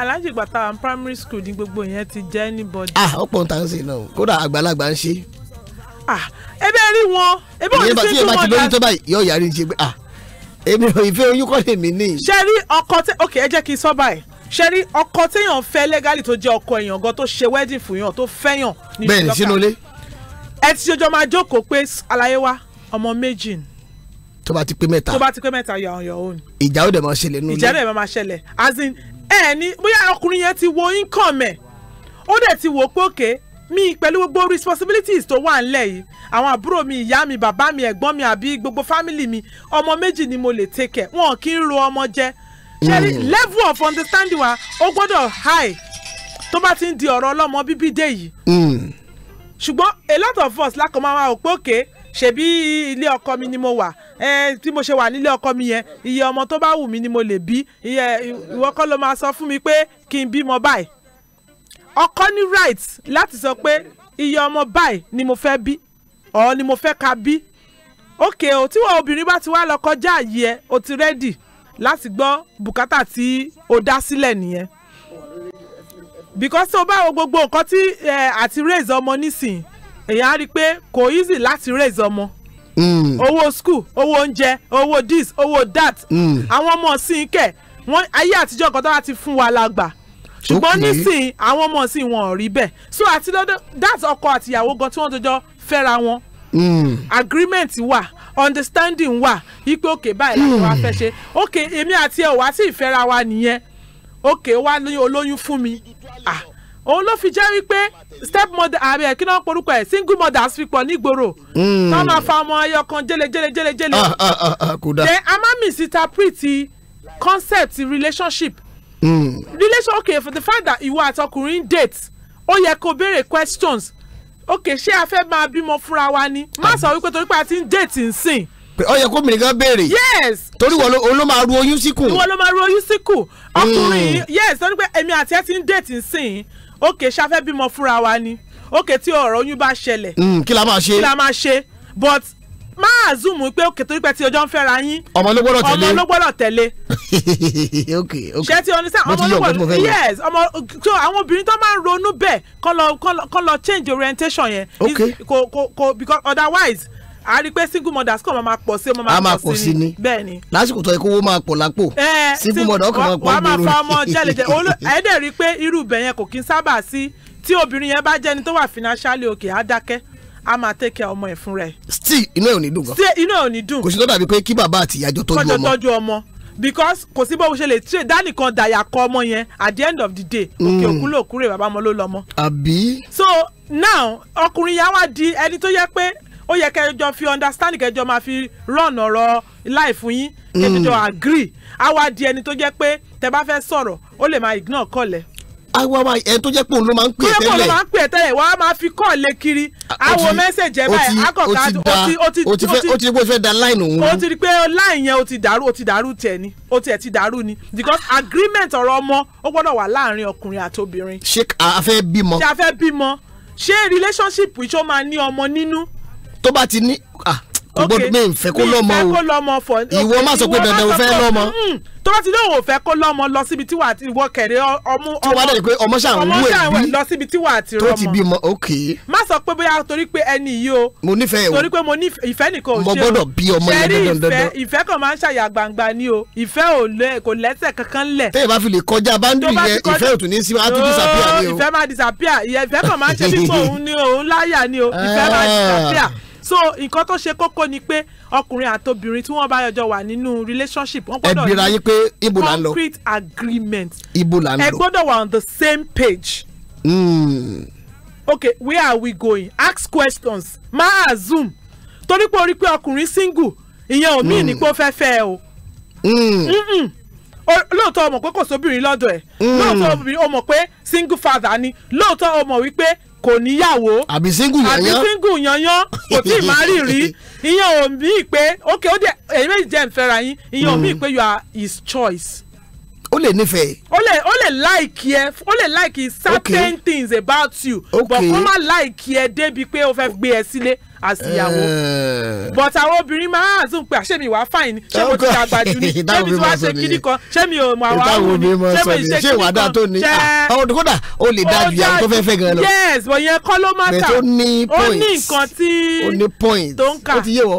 alájì gbàtà àwọn primary school ní gbogbo yẹn ti jẹ́ anybody. ah ọ̀pọ̀ nta ń ṣe náà kódà àgbàlagbà ń ṣe. ah ebe rí wọn ebe wọn ti ṣe tó mọ̀ dáadáa. ìyẹn bá ti lóyún tó báyìí yóò yàrá ń ṣe pé ah èmi ò ìfẹ́ oyún kọ́ lèmi ní. ṣe rí ọkọ tẹ ok ẹ jẹ́ kí n sọ báyìí ṣe rí ọkọ téèyàn fẹ́ lẹ́gàlì tó jẹ́ ọkọ èèyàn gan tó ṣe wedding fún yàn tó fẹ́yàn. bẹ́ẹ̀ni sínú ilé. ẹ ti ṣojọ máa jókòó pé àlàyé wa ọmọ méjì ni. tó bá ti pé mẹ́ta tó bá ti pé mẹ́ta yọ àwọn yòówù ni. ìjà ó dẹ̀ máa ṣẹlẹ̀ nínú ilé ìjà dẹ̀ máa ṣẹlẹ̀ as in ẹ ní bóyá ọkùnrin yẹn ti wo income ẹ̀ ó dẹ̀ ti wò pé òkè mi pẹ̀lú gbogbo responsibilities tó wà ńlẹ̀ yìí àwọn àbúrò mi ìyá mi bàbá mi ẹ̀gbọ́n mi àbí gbogbo family mi ọmọ méjì ni mo lè take care wọn kì í ro ọmọ jẹ ṣe hmm. level of understanding wa ó gbọ́dọ̀ high tó bá ti ń di ọ̀rọ̀ ọlọ́mọ bíbí dé yìí hmm. ṣùgbọ́n a lot of us lákọ̀ọ́ máa wá òpó òkè ṣebí ilé ọkọ mi ni mo wà ẹ tí mo ṣe wà nílé ọkọ mi yẹn iye ọmọ tó bá wù mí ni mo lè bí iye ìwọ kọ́ ló máa sọ fún mi pé kí n bímọ báyìí ọkọ ní right láti sọ pé iye ọmọ báyìí ni mo fẹ́ bí ọ̀ ni mo fẹ́ ka bí òkè o tí wọn obìnrin bá ti wá lọ kọjá àyè ẹ o ti rẹ́dì láti gbọ́ bùkátà tí o dá sílẹ̀ nìyẹn because tó bá wo gbogbo nǹkan tí àti raise ọmọ nísìn èèyàn á rí i pé kò easy láti raise ọmọ mm. owó school owó oúnjẹ owó this owó that mm. àwọn ọmọ sí kẹ wọn ayé àtijọ́ kan tó bá ti fún wa lágbà ṣùgbọ́n nísìn àwọn ọmọ sí wọn ò rí bẹ́ẹ̀ so àti lọ́dọ̀ that ọkọ àtìyàwó gan tí wọ́n jọjọ fẹ́ra wọn hmm. agreement wà understanding wà ipe òkè báyìí láti wá fẹ́ ṣe òkè èmi àti ẹ̀ wá sí ìfẹ́ra wa nìyẹn òkè wá olóyún fún mi ah òun ló fi jẹ́ wípé step mother àbí ẹ̀ kí náà porúkọ ẹ̀ single mothers fi pọ̀ nígboro. tọ́ hmm. máa fa ọmọ ẹyọ kan jẹ́lẹ́jẹ́lẹ́jẹ́lẹ́. Ah, ah, ah, kò dáa. then a máa misinterpret concept relationship relation okay for the fact that ìwọ àtọkùnrin date ó yẹ kó béèrè questions okay ṣé a fẹ́ máa bímọ fúnra wa ni má sọ wípé torí pé a ti ń date nsìn. ó yẹ kó mìíràn béèrè. yes torí wọn ló máa ru oyún síkù. ìwọ ló máa ru oyún síkù ọkùnrin hmm. yes torí pé èmi àti ẹ ti ń date nsìn okay ṣé a fẹ́ bímọ fúnra wa ni okay tí ọ̀rọ̀ oyún bá ṣẹlẹ̀. Hmm, kí la máa ṣe. kí la máa ṣe but máa zoom pé òkè torí pé tí ọjọ́ ń fẹ́ra yín ọmọ ló gbọ́dọ̀ tẹ̀lé ọmọ ló gbọ́dọ̀ tẹ̀lé ṣé ti ọ̀nìṣà ọmọ ló gbọ́dọ̀ yes ọmọ so àwọn obìnrin tó máa ń ronú bẹ́ẹ̀ kọ́ lọ kọ́ lọ change orientation yẹn kò kò kò because otherwise a rí pé single mothers kàn máa pọ̀ sí ọmọ máa pọ̀ sí ni bẹ́ẹ̀ ni. lásìkò tó yẹ kó wọ́n máa pọ̀ lápò single mother ọkàn máa pọ̀ gbòòrò. wàá máa fa ọmọ jẹ́lẹ̀jẹ̀ ẹ̀ẹ́dẹ̀ rí pé irú ibẹ̀ yẹn kò kí ń sábà sí tí obìnrin yẹn bá jẹ́ni tó wà financially okay á dákẹ́ a máa take care ọmọ ẹ̀ fún rẹ̀. still inú ẹ̀ ò ní dùn gan. still inú ẹ̀ ò ní dùn. kò sí tó dàbí pé kí bàbá àti ìyá jọ tọ́jú ọmọ. kọjọ tọ́jú ọmọ because kò sí bó ṣe lè ṣe dánìkan dàyà kọ ọmọ yẹn at the end of the day hmm. òkè òkú ló kúrè bàbá ọmọ ló lọmọ. àbí. so now ọkùnrin yẹn wá di ẹni tó yẹ pé ó yẹ kẹjọ fi understand kẹjọ máa fi run ọ̀rọ̀ láì fún yín kẹjọ hmm. agree á wá di ẹni tó jẹ́ pé tẹ bá fẹ́ sọ̀rọ̀ ó lè máa ignore kọlẹ̀ àwa wa ẹ tó jẹ́ pé òun ló máa ń pè tẹ́lẹ̀ òun ló máa ń pè tẹ́lẹ̀ wàá máa fi kọ́ lé kiri àwo mẹ́sẹ̀jì ẹ̀ báyìí akọ̀ka o ti o ti o ti pé o ti fẹ́ da line òun. o ti rí pé line yẹn o ti dàrú o ti dàrú tẹ̀ ni o tiẹ̀ ti dàrú ni because agreement ọ̀rọ̀ ọmọ ó gbọ́dọ̀ wà láàrin ọkùnrin àti obìnrin. ṣé a fẹ́ bímọ. ṣé a fẹ́ bímọ ṣé relationship ìṣó máa ní ọmọ nínú. tó bá ti ní ah kò gbọ́dọ̀ mi nfẹ́ kó lọ́mọ o ìwọ má sọ pé dandan o fẹ́ lọ́mọ. tó bá ti lóun ò fẹ́ kó lọ́mọ lọ síbi tí wà á ti wọ kẹrẹ ọmú ọmọ tí wàá dẹ̀ pé ọmọ ṣàn wú ẹ̀ bí lọ síbi tí wà á ti rọmọ tó ti bí mọ ok. má sọ pé bóyá torí pé ẹni yìí o mo nífẹ̀ẹ́ o torí pé mo nífẹ̀ẹ́ ìfẹ́ nìkan ò ṣe o mo gbọ́dọ̀ bí ọmọ yẹn dandan dandan. ìfẹ́ kan máa ń ṣàyà gbangba ni o ìfẹ́ kò lẹ́sẹ̀ kankan lẹ̀. tẹ́yẹ̀ bá fi lè kọjá báńdìrì so nǹkan tó ṣe kókó ni pé ọkùnrin àtobìnrin tí wọ́n bá yọjọ wà nínú relationship wọ́n gbọ́dọ̀ ní concrete agreement ẹ gbọ́dọ̀ wà on the same page. Mm. okay where are we going ask questions máa assume torí pé o rí pé ọkùnrin single ìyẹn ò míì ní pé fẹ́ fẹ́ o hmm. lóòótọ́ ọmọ pé kò sóbìnrin lọ́dọ̀ ẹ̀ hmm. lóòótọ́ ọmọ pé single father ni lóòótọ́ ọmọ wípé kò níyàwó àbí single yanyan àbí single yanyan kò tí ì máa rí rí ìyẹn ò mí pé ok ó dẹ èyí méjì jẹ́ ìfẹ́ra yín ìyẹn ò mí hmm. pé you are his choice. ó lè nífẹ̀ẹ́. ó lè ó lè like yẹ ó lè like certain okay. things about you okay. but kó má like yẹ débi pé ó fẹ́ gbé ẹ sílé as ìyàwó eh. but àwọn obìnrin máa zoom pé àṣẹ ah, mi wà fine ni ṣé mo ti dàgbà jù ni ṣé mi ti wá ṣe kíní kan ṣé mi ò mọ àwọn àwọn ni ṣé mi ṣe kíní kan ṣe àwọn kódà o lè dájú ìyàwó tó fẹ́ fẹ́ gan lọ. yes but yẹn kọ́ ló máa ta ó ní nǹkan tí ó ní point tó ń kà ó ti yé wọ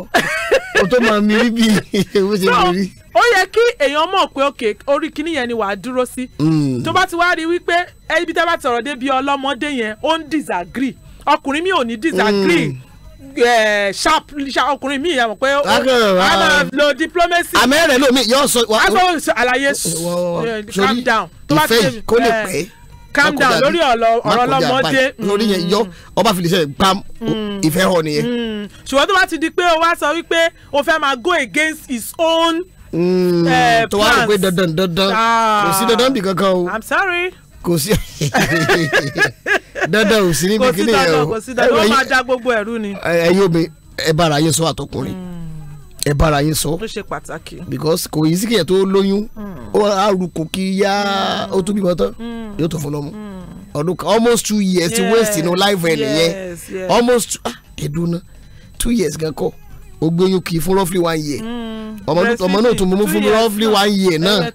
o tó máa mi rí bí ewu ṣe mi rí. ó yẹ kí èèyàn mọ̀ pé òkè orí kíní yẹn ni wàá dúró sí hmm. tó bá ti wá rí wípé ibi tá a bá tọ̀rọ̀ dé bí ọlọ́mọdé yẹn ó ń disagree ọkùnrin mi ò ní disagree hmm sharp ọkùnrin mi ìyàwó pé ó máa lo diplomacy. àmẹ́rẹ̀ lómi yóò sọ. agbóhùn àlàyé calm down. tó bá ti lè pé eh, calm down lórí ọ̀rọ̀ ọlọ́mọdé. Mm. lórí yẹn yọ ọba fìlíṣẹ́ gbam mm. ìfẹ́ hàn nìyẹn. Mm. ṣùgbọ́n tó bá ti di pé o wá sọ wípé o fẹ́ máa go against his own. Eh, tó wá rò pé dandan dandan ah. kò sí dandan bì kankan o. i'm sorry kò sí dandan ò sí níbi kíní yẹn o kò sí dandan ó máa já gbogbo ẹrú ni. ẹ̀yin omi ẹ bára yín sọ àtọkùnrin hmm. ẹ bára yín sọ. ó ṣe pàtàkì. because kò yí sí kìyẹn tó lóyún hmm. ó arúgbó kí yá hmm. ó tún bímọ tán yóò tó fún lọ́mú ọdún kan almost two years ti waste inú life ẹ nìyẹn almost ah, ẹdun náà two years gan kọ́ ó gbé yúkì fún roughly one year mm, ọmọ náà tún mú fún roughly one year náà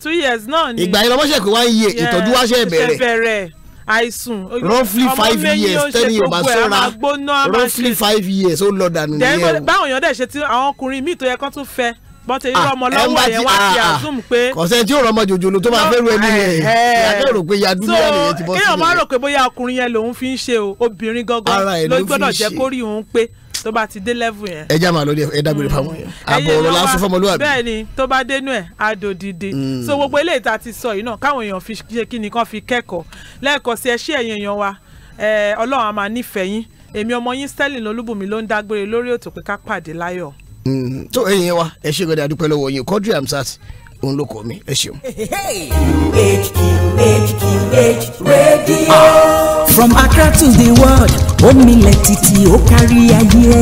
ìgbà yẹn lọ́mọ́ṣẹ́ pé one year ìtọ́jú wá ṣe bẹ̀rẹ̀ àìsùn. roughly five years tẹ́lẹ̀ yóò bá roughly five years ó lọ dànù nìyẹn o. báwọn èèyàn dẹ̀ ṣe ti àwọn ọkùnrin míì tó yẹ kán tún fẹ́ bọ́tẹ̀ irú ah, ọmọ lọ́wọ́ yẹn wá ah, ah, sí àzùm pé. kọ̀sẹ̀ tí òrọ̀mọ jòjòló tó máa fẹ́ ru ẹni yẹn eh, eh. yàtọ̀ rò pé yadúlẹ̀ yẹn ti bọ́ sílẹ̀. kéèyàn máa rò pé bóyá ọkùnrin yẹn lòun fi ń ṣe o obìnrin gangan ló gbọ́dọ̀ jẹ́ kórìí òun pé tó bá ti dé level yẹn. ẹ já máa lórí ẹ dágbére mm. fáwọn àbọ̀ ọ̀rọ̀ la sọ fọmọlúwàbí. bẹ́ẹ̀ ni tó bá dénú ẹ̀ á dò dìde. Mm. so gbogbo eléyìí tá a ti sọ yìí náà káwọn èèyàn fi ṣe kí ni kán fi kẹ́kọ̀ọ́ lẹ́ẹ̀kan sí ẹ ṣé ẹ̀yin èèyàn wa ọlọ́run á máa nífẹ̀ẹ́ yín èmi ọmọ yín Sterling Olúbùnmi ló ń dágbére lórí ètò pé ká pàdé láyọ̀. tó mm. ẹ̀yin wa ẹ ṣé gbọ́dọ̀ adúpẹ́ lọ́wọ́ yín Quadri Hamzat òun ló kọ mi ẹ ṣeun. Ah, from Accra to the world ó milẹ̀ títí ó kárí ayé.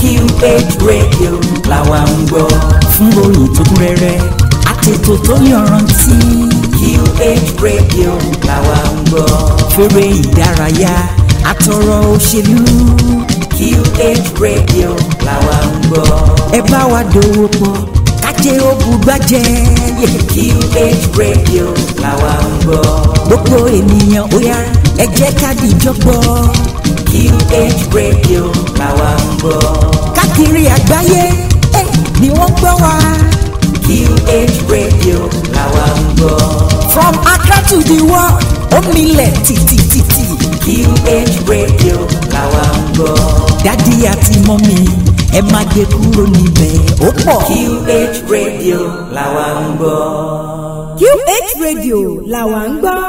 QH radio làwa ń gbọ́. fún oyin tó kún rẹ́rẹ́ àtètò tó yọrantí. QH radio làwa ń gbọ́. fèrè ìdárayá àtọ̀rọ̀ òṣèlú. QH radio làwa ń gbọ́. ẹ bá wa dòwò pọ̀ ajé ó bùgbàjẹ́. QH radio làwa ń gbọ́. gbogbo ènìyàn ó yá ẹ jẹ́ ká dìjọ́ gbọ́. QH radio làwa ń gbọ́. káàkiri àgbáyé ni wọ́n gbọ́ wa. QH radio làwa ń gbọ́. from Accra to the world ó titi titi. QH radio làwa ń gbọ́. dádì àti mọ́mí ẹ má gbé kúrò níbẹ̀ ó pọ̀. QH radio làwa ń gbọ́. QH radio làwa ń gbọ́.